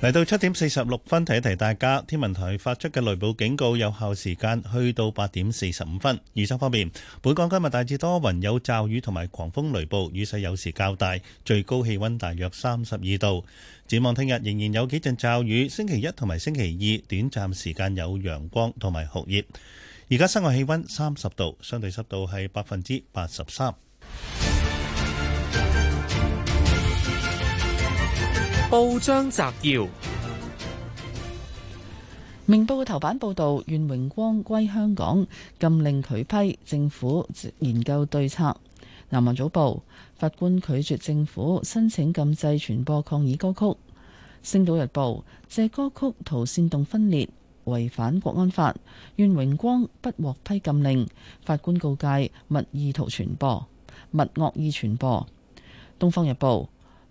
嚟到七點四十六分，提一提大家，天文台發出嘅雷暴警告有效時間去到八點四十五分。預測方面，本港今日大致多雲，有驟雨同埋狂風雷暴，雨勢有時較大，最高氣溫大約三十二度。展望聽日仍然有幾陣驟雨，星期一同埋星期二短暫時間有陽光同埋酷熱。而家室外氣溫三十度，相對濕度係百分之八十三。報章摘要：明報嘅頭版報道，願榮光歸香港禁令拒批，政府研究對策。南華早報：法官拒絕政府申請禁制傳播抗議歌曲。星島日報：借歌曲圖煽動分裂，違反國安法。願榮光不獲批禁令，法官告誡：勿意圖傳播，勿惡意傳播。東方日報。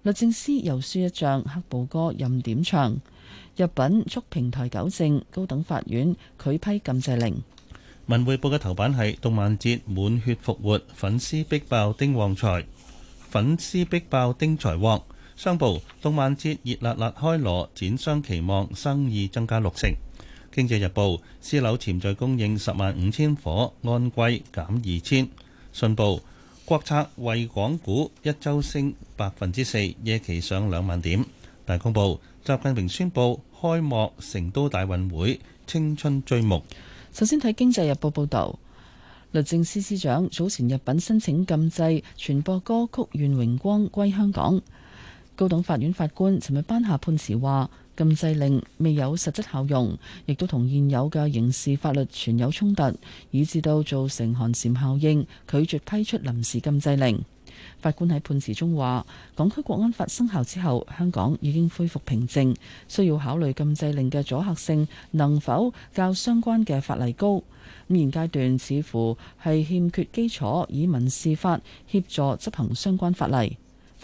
律政司又輸一仗，黑暴歌任點唱日品促平台糾正，高等法院拒批禁制令。文匯報嘅頭版係動漫節滿血復活，粉絲逼爆丁旺財，粉絲逼爆丁財旺。商報，動漫節熱辣辣開鑼，展商期望生意增加六成。經濟日報，私樓潛在供應十萬五千伙，按季減二千。信報國策為港股一周升百分之四，夜期上兩萬點。大公報：習近平宣佈開幕成都大運會，青春追夢。首先睇經濟日報報道，律政司司長早前入稟申請禁制傳播歌曲《願榮光歸香港》，高等法院法官尋日頒下判詞話。禁制令未有實質效用，亦都同現有嘅刑事法律存有衝突，以致到造成寒蟬效應，拒絕批出臨時禁制令。法官喺判詞中話：港區國安法生效之後，香港已經恢復平靜，需要考慮禁制令嘅阻嚇性能否較相關嘅法例高。咁現階段似乎係欠缺基礎，以民事法協助執行相關法例。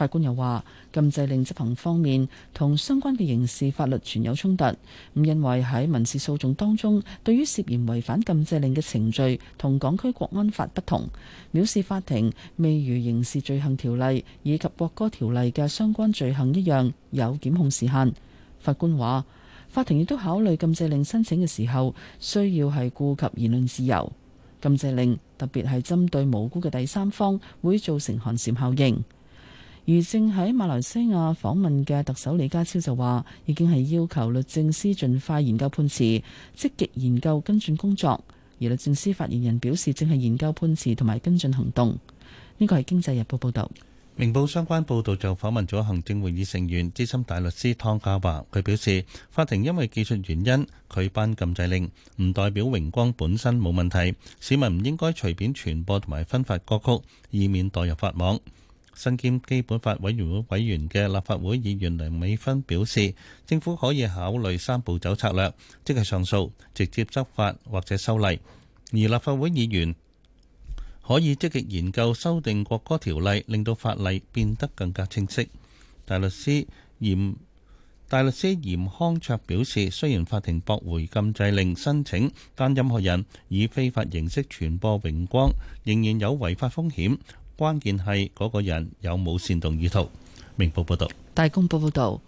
法官又話：禁制令執行方面同相關嘅刑事法律存有衝突，唔認為喺民事訴訟當中對於涉嫌違反禁制令嘅程序同港區國安法不同。藐視法庭未如刑事罪行條例以及國歌條例嘅相關罪行一樣有檢控時限。法官話：法庭亦都考慮禁制令申請嘅時候需要係顧及言論自由。禁制令特別係針對無辜嘅第三方，會造成寒蟬效應。而正喺馬來西亞訪問嘅特首李家超就話，已經係要求律政司盡快研究判詞，積極研究跟進工作。而律政司發言人表示，正係研究判詞同埋跟進行動，呢個係經濟日報報道。明報相關報道就訪問咗行政會議成員資深大律師湯家驊，佢表示，法庭因為技術原因拒頒禁制令，唔代表榮光本身冇問題，市民唔應該隨便傳播同埋分發歌曲，以免墮入法網。身兼基本法委員會委員嘅立法會議員梁美芬表示，政府可以考慮三步走策略，即係上訴、直接執法或者修例。而立法會議員可以積極研究修訂國歌條例，令到法例變得更加清晰。大律師嚴大律師嚴康卓表示，雖然法庭駁回禁制令申請，但任何人以非法形式傳播榮光，仍然有違法風險。關鍵係嗰個人有冇煽動意圖。明報報道，大公報報道，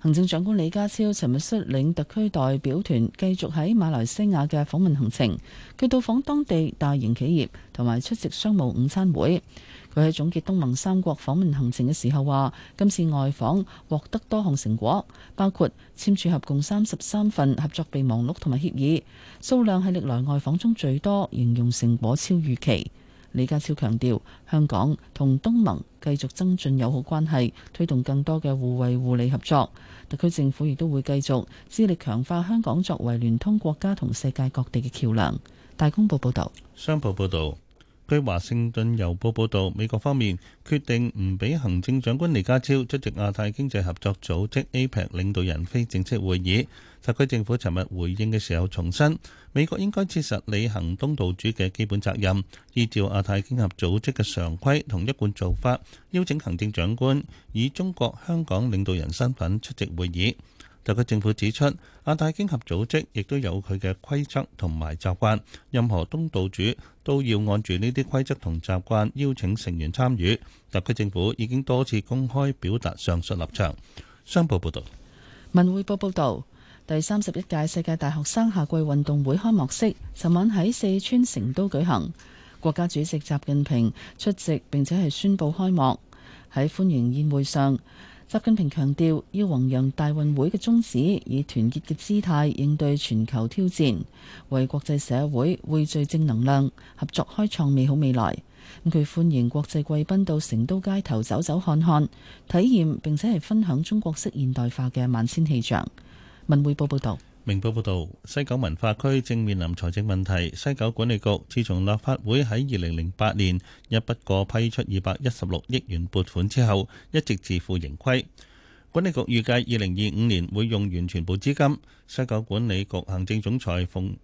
行政長官李家超尋日率領特區代表團繼續喺馬來西亞嘅訪問行程。佢到訪當地大型企業同埋出席商務午餐會。佢喺總結東盟三國訪問行程嘅時候話：今次外訪獲得多項成果，包括簽署合共三十三份合作備忘錄同埋協議，數量係歷來外訪中最多，形容成果超預期。李家超強調，香港同東盟繼續增進友好關係，推動更多嘅互惠互利合作。特區政府亦都會繼續致力強化香港作為聯通國家同世界各地嘅橋梁。大公報報道：商報報導，據華盛頓郵報報道，美國方面決定唔俾行政長官李家超出席亞太經濟合作組織 APEC 領導人非正式會議。特區政府尋日回應嘅時候重申，美國應該切實履行東道主嘅基本責任，依照亞太經合組織嘅常規同一貫做法，邀請行政長官以中國香港領導人身份出席會議。特區政府指出，亞太經合組織亦都有佢嘅規則同埋習慣，任何東道主都要按住呢啲規則同習慣邀請成員參與。特區政府已經多次公開表達上述立場。商報報道。文匯報報道。第三十一屆世界大學生夏季運動會開幕式尋晚喺四川成都舉行，國家主席習近平出席並且係宣布開幕。喺歡迎宴會上，習近平強調要弘揚大運會嘅宗旨，以團結嘅姿態應對全球挑戰，為國際社會匯聚正能量，合作開創美好未來。咁佢歡迎國際貴賓到成都街頭走走看看，體驗並且係分享中國式現代化嘅萬千氣象。文匯報報道，明報報道，西九文化區正面臨財政問題。西九管理局自從立法會喺二零零八年一筆過批出二百一十六億元撥款之後，一直自負盈虧。管理局預計二零二五年會用完全部資金。西九管理局行政總裁馮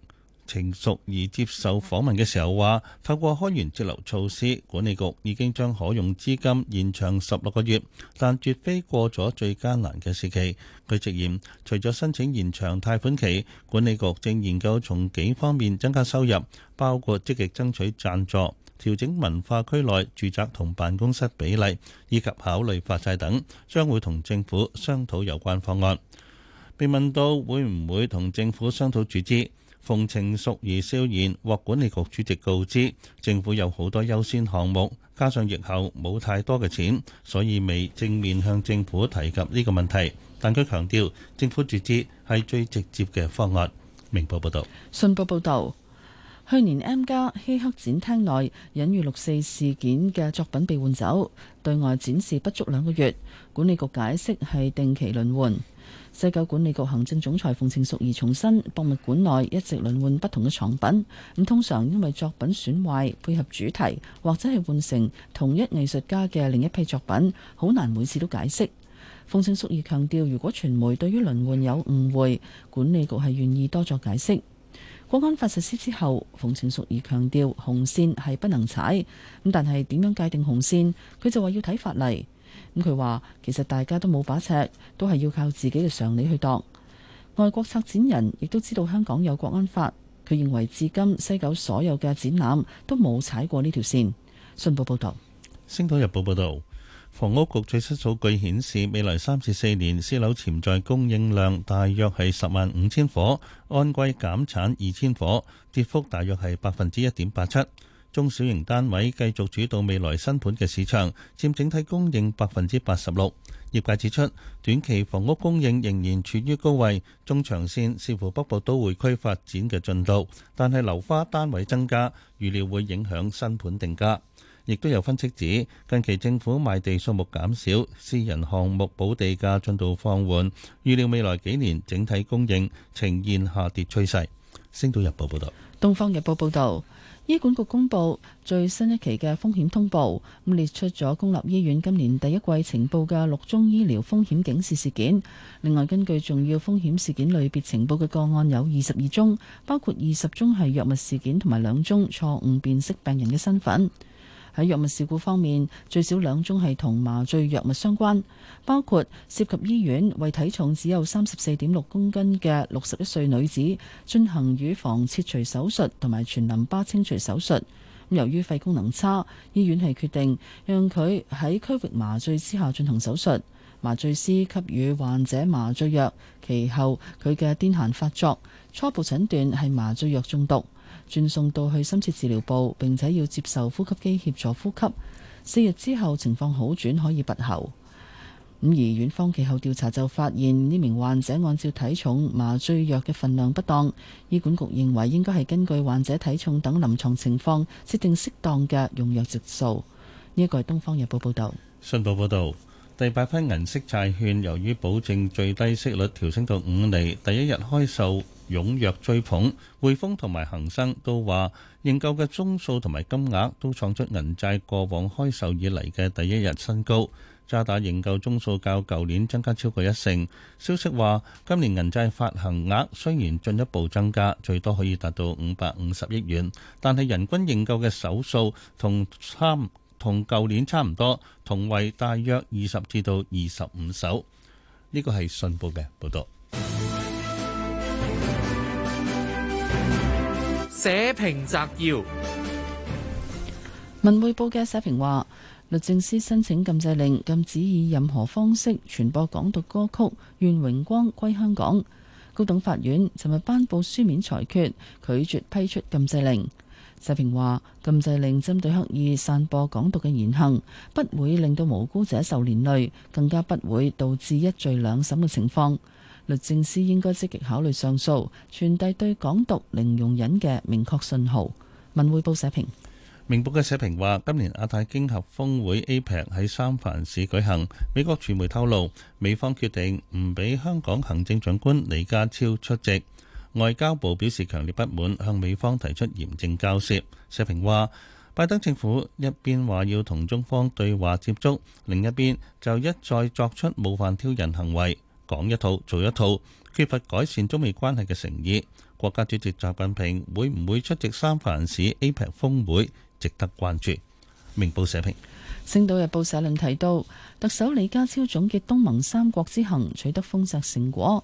程淑儀接受訪問嘅時候話，透過開源節流措施，管理局已經將可用資金延長十六個月，但絕非過咗最艱難嘅時期。佢直言，除咗申請延長貸款期，管理局正研究從幾方面增加收入，包括積極爭取讚助、調整文化區內住宅同辦公室比例，以及考慮發債等，將會同政府商討有關方案。被問到會唔會同政府商討注資？馮程淑儀消言，獲管理局主席告知，政府有好多優先項目，加上疫後冇太多嘅錢，所以未正面向政府提及呢個問題，但佢強調政府注資係最直接嘅方案。明報報道。信報報道，去年 M 加希克展廳內隱喻六四事件嘅作品被換走，對外展示不足兩個月，管理局解釋係定期輪換。西九管理局行政總裁馮程淑儀重申，博物館內一直輪換不同嘅藏品。咁通常因為作品損壞，配合主題或者係換成同一藝術家嘅另一批作品，好難每次都解釋。馮程淑儀強調，如果傳媒對於輪換有誤會，管理局係願意多作解釋。國安法實施之後，馮程淑儀強調紅線係不能踩。咁但係點樣界定紅線，佢就話要睇法例。咁佢話：其實大家都冇把尺，都係要靠自己嘅常理去度。外國策展人亦都知道香港有國安法，佢認為至今西九所有嘅展覽都冇踩過呢條線。信報報導。《星島日報》報道：「房屋局最新數據顯示，未來三至四年私樓潛在供應量大約係十萬五千夥，按季減產二千夥，跌幅大約係百分之一點八七。中小型單位繼續主導未來新盤嘅市場，佔整體供應百分之八十六。業界指出，短期房屋供應仍然處於高位，中長線視乎北部都會區發展嘅進度，但係樓花單位增加，預料會影響新盤定價。亦都有分析指，近期政府賣地數目減少，私人項目補地價進度放緩，預料未來幾年整體供應呈現下跌趨勢。星島日報報道。東方日報報道。醫管局公布最新一期嘅風險通報，咁列出咗公立醫院今年第一季呈報嘅六宗醫療風險警示事件。另外，根據重要風險事件類別呈報嘅個案有二十二宗，包括二十宗係藥物事件同埋兩宗錯誤辨識病人嘅身份。喺藥物事故方面，最少兩宗係同麻醉藥物相關，包括涉及醫院為體重只有三十四點六公斤嘅六十一歲女子進行乳房切除手術同埋全淋巴清除手術。由於肺功能差，醫院係決定讓佢喺區域麻醉之下進行手術，麻醉師給予患者麻醉藥，其後佢嘅癲癇發作，初步診斷係麻醉藥中毒。轉送到去深切治療部，並且要接受呼吸機協助呼吸。四日之後情況好轉，可以拔喉。咁而院方其後調查就發現呢名患者按照體重麻醉藥嘅分量不當。醫管局認為應該係根據患者體重等臨床情況設定適當嘅用藥指數。呢一個係《東方日報》報道。信報報道，第八批銀色債券由於保證最低息率調升到五厘，第一日開售，踊躍追捧，匯豐同埋恒生都話認購嘅宗數同埋金額都創出銀債過往開售以嚟嘅第一日新高。渣打認購宗數較舊年增加超過一成。消息話今年銀債發行額雖然進一步增加，最多可以達到五百五十億元，但係人均認購嘅手數同差同舊年差唔多，同為大約二十至到二十五手。呢、呢個係信報嘅報道。社評摘要：文匯報嘅社評話，律政司申請禁制令，禁止以任何方式傳播港獨歌曲《願榮光歸香港》。高等法院尋日頒布書面裁決，拒絕批出禁制令。社評話，禁制令針對刻意散播港獨嘅言行，不會令到無辜者受連累，更加不會導致一罪兩審嘅情況。律政司應該積極考慮上訴，傳遞對港獨零容忍嘅明確信號。文匯報社評，明報嘅社評話：今年亞太經合峯會 APEC 喺三藩市舉行，美國傳媒透露美方決定唔俾香港行政長官李家超出席，外交部表示強烈不滿，向美方提出嚴正交涉。社評話：拜登政府一邊話要同中方對話接觸，另一邊就一再作出冒犯挑釁行為。講一套做一套，缺乏改善中美關係嘅誠意。國家主席習近平會唔會出席三藩市 APEC 峯會，值得關注。明報社評，《星島日報》社論提到，特首李家超總結東盟三國之行，取得豐碩成果。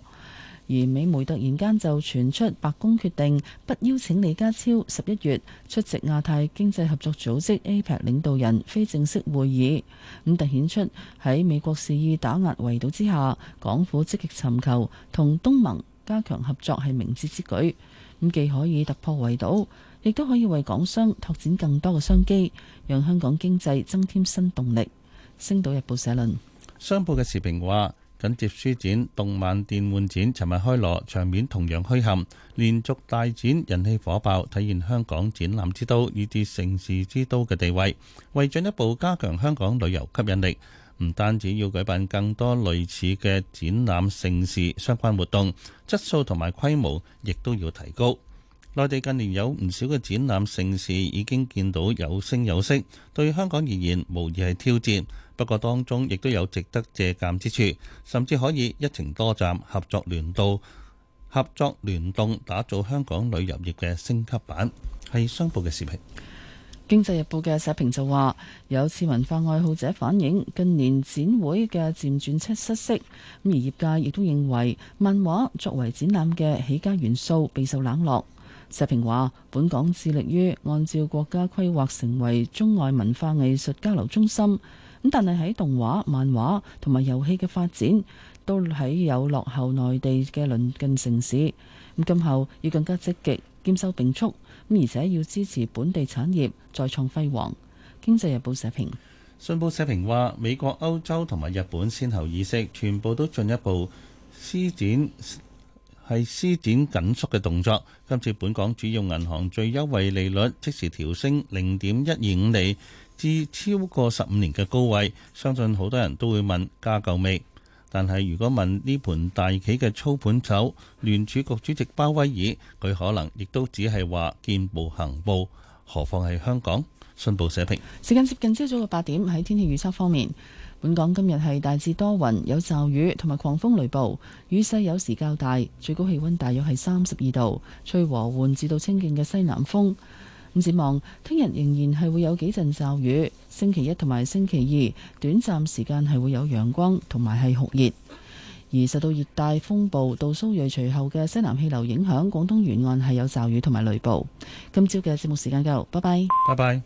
而美媒突然間就傳出白宮決定不邀請李家超十一月出席亞太經濟合作組織 （APEC） 領導人非正式會議，咁凸顯出喺美國肆意打壓圍堵之下，港府積極尋求同東盟加強合作係明智之舉，咁既可以突破圍堵，亦都可以為港商拓展更多嘅商機，讓香港經濟增添新動力。星島日報社論，商報嘅時評話。緊接書展、動漫電換展，尋日開鑼，場面同樣虛冚，連續大展人氣火爆，體現香港展覽之都以至盛事之都嘅地位。為進一步加強香港旅遊吸引力，唔單止要舉辦更多類似嘅展覽、盛事相關活動，質素同埋規模亦都要提高。內地近年有唔少嘅展覽、盛事已經見到有聲有色，對香港而言，無疑係挑戰。不過，當中亦都有值得借鑑之處，甚至可以一程多站合作聯動，合作聯動打造香港旅遊業嘅升級版。係商報嘅時評，《經濟日報》嘅社評就話：有次文化愛好者反映，近年展會嘅漸轉出失色，咁而業界亦都認為漫畫作為展覽嘅起家元素，備受冷落。社評話：本港致力於按照國家規劃，成為中外文化藝術交流中心。但係喺動畫、漫畫同埋遊戲嘅發展都喺有落後內地嘅鄰近城市。咁今後要更加積極兼收並蓄，咁而且要支持本地產業再創輝煌。經濟日報社評，信報社評話，美國、歐洲同埋日本先後議息，全部都進一步施展係施展緊縮嘅動作。今次本港主要銀行最優惠利率即時調升零點一二五厘，至超過十五年嘅高位，相信好多人都會問加夠未？但係如果問呢盤大企嘅操盤手聯儲局主席鮑威爾，佢可能亦都只係話見步行步，何況係香港？信報社評。時間接近朝早嘅八點，喺天氣預測方面，本港今日係大致多雲，有驟雨同埋狂風雷暴，雨勢有時較大，最高氣温大約係三十二度，吹和緩至到清勁嘅西南風。咁展望，聽日仍然係會有幾陣驟雨，星期一同埋星期二短暫時間係會有陽光同埋係酷熱，而受到熱帶風暴杜蘇芮隨後嘅西南氣流影響，廣東沿岸係有驟雨同埋雷暴。今朝嘅節目時間夠。拜拜，拜拜。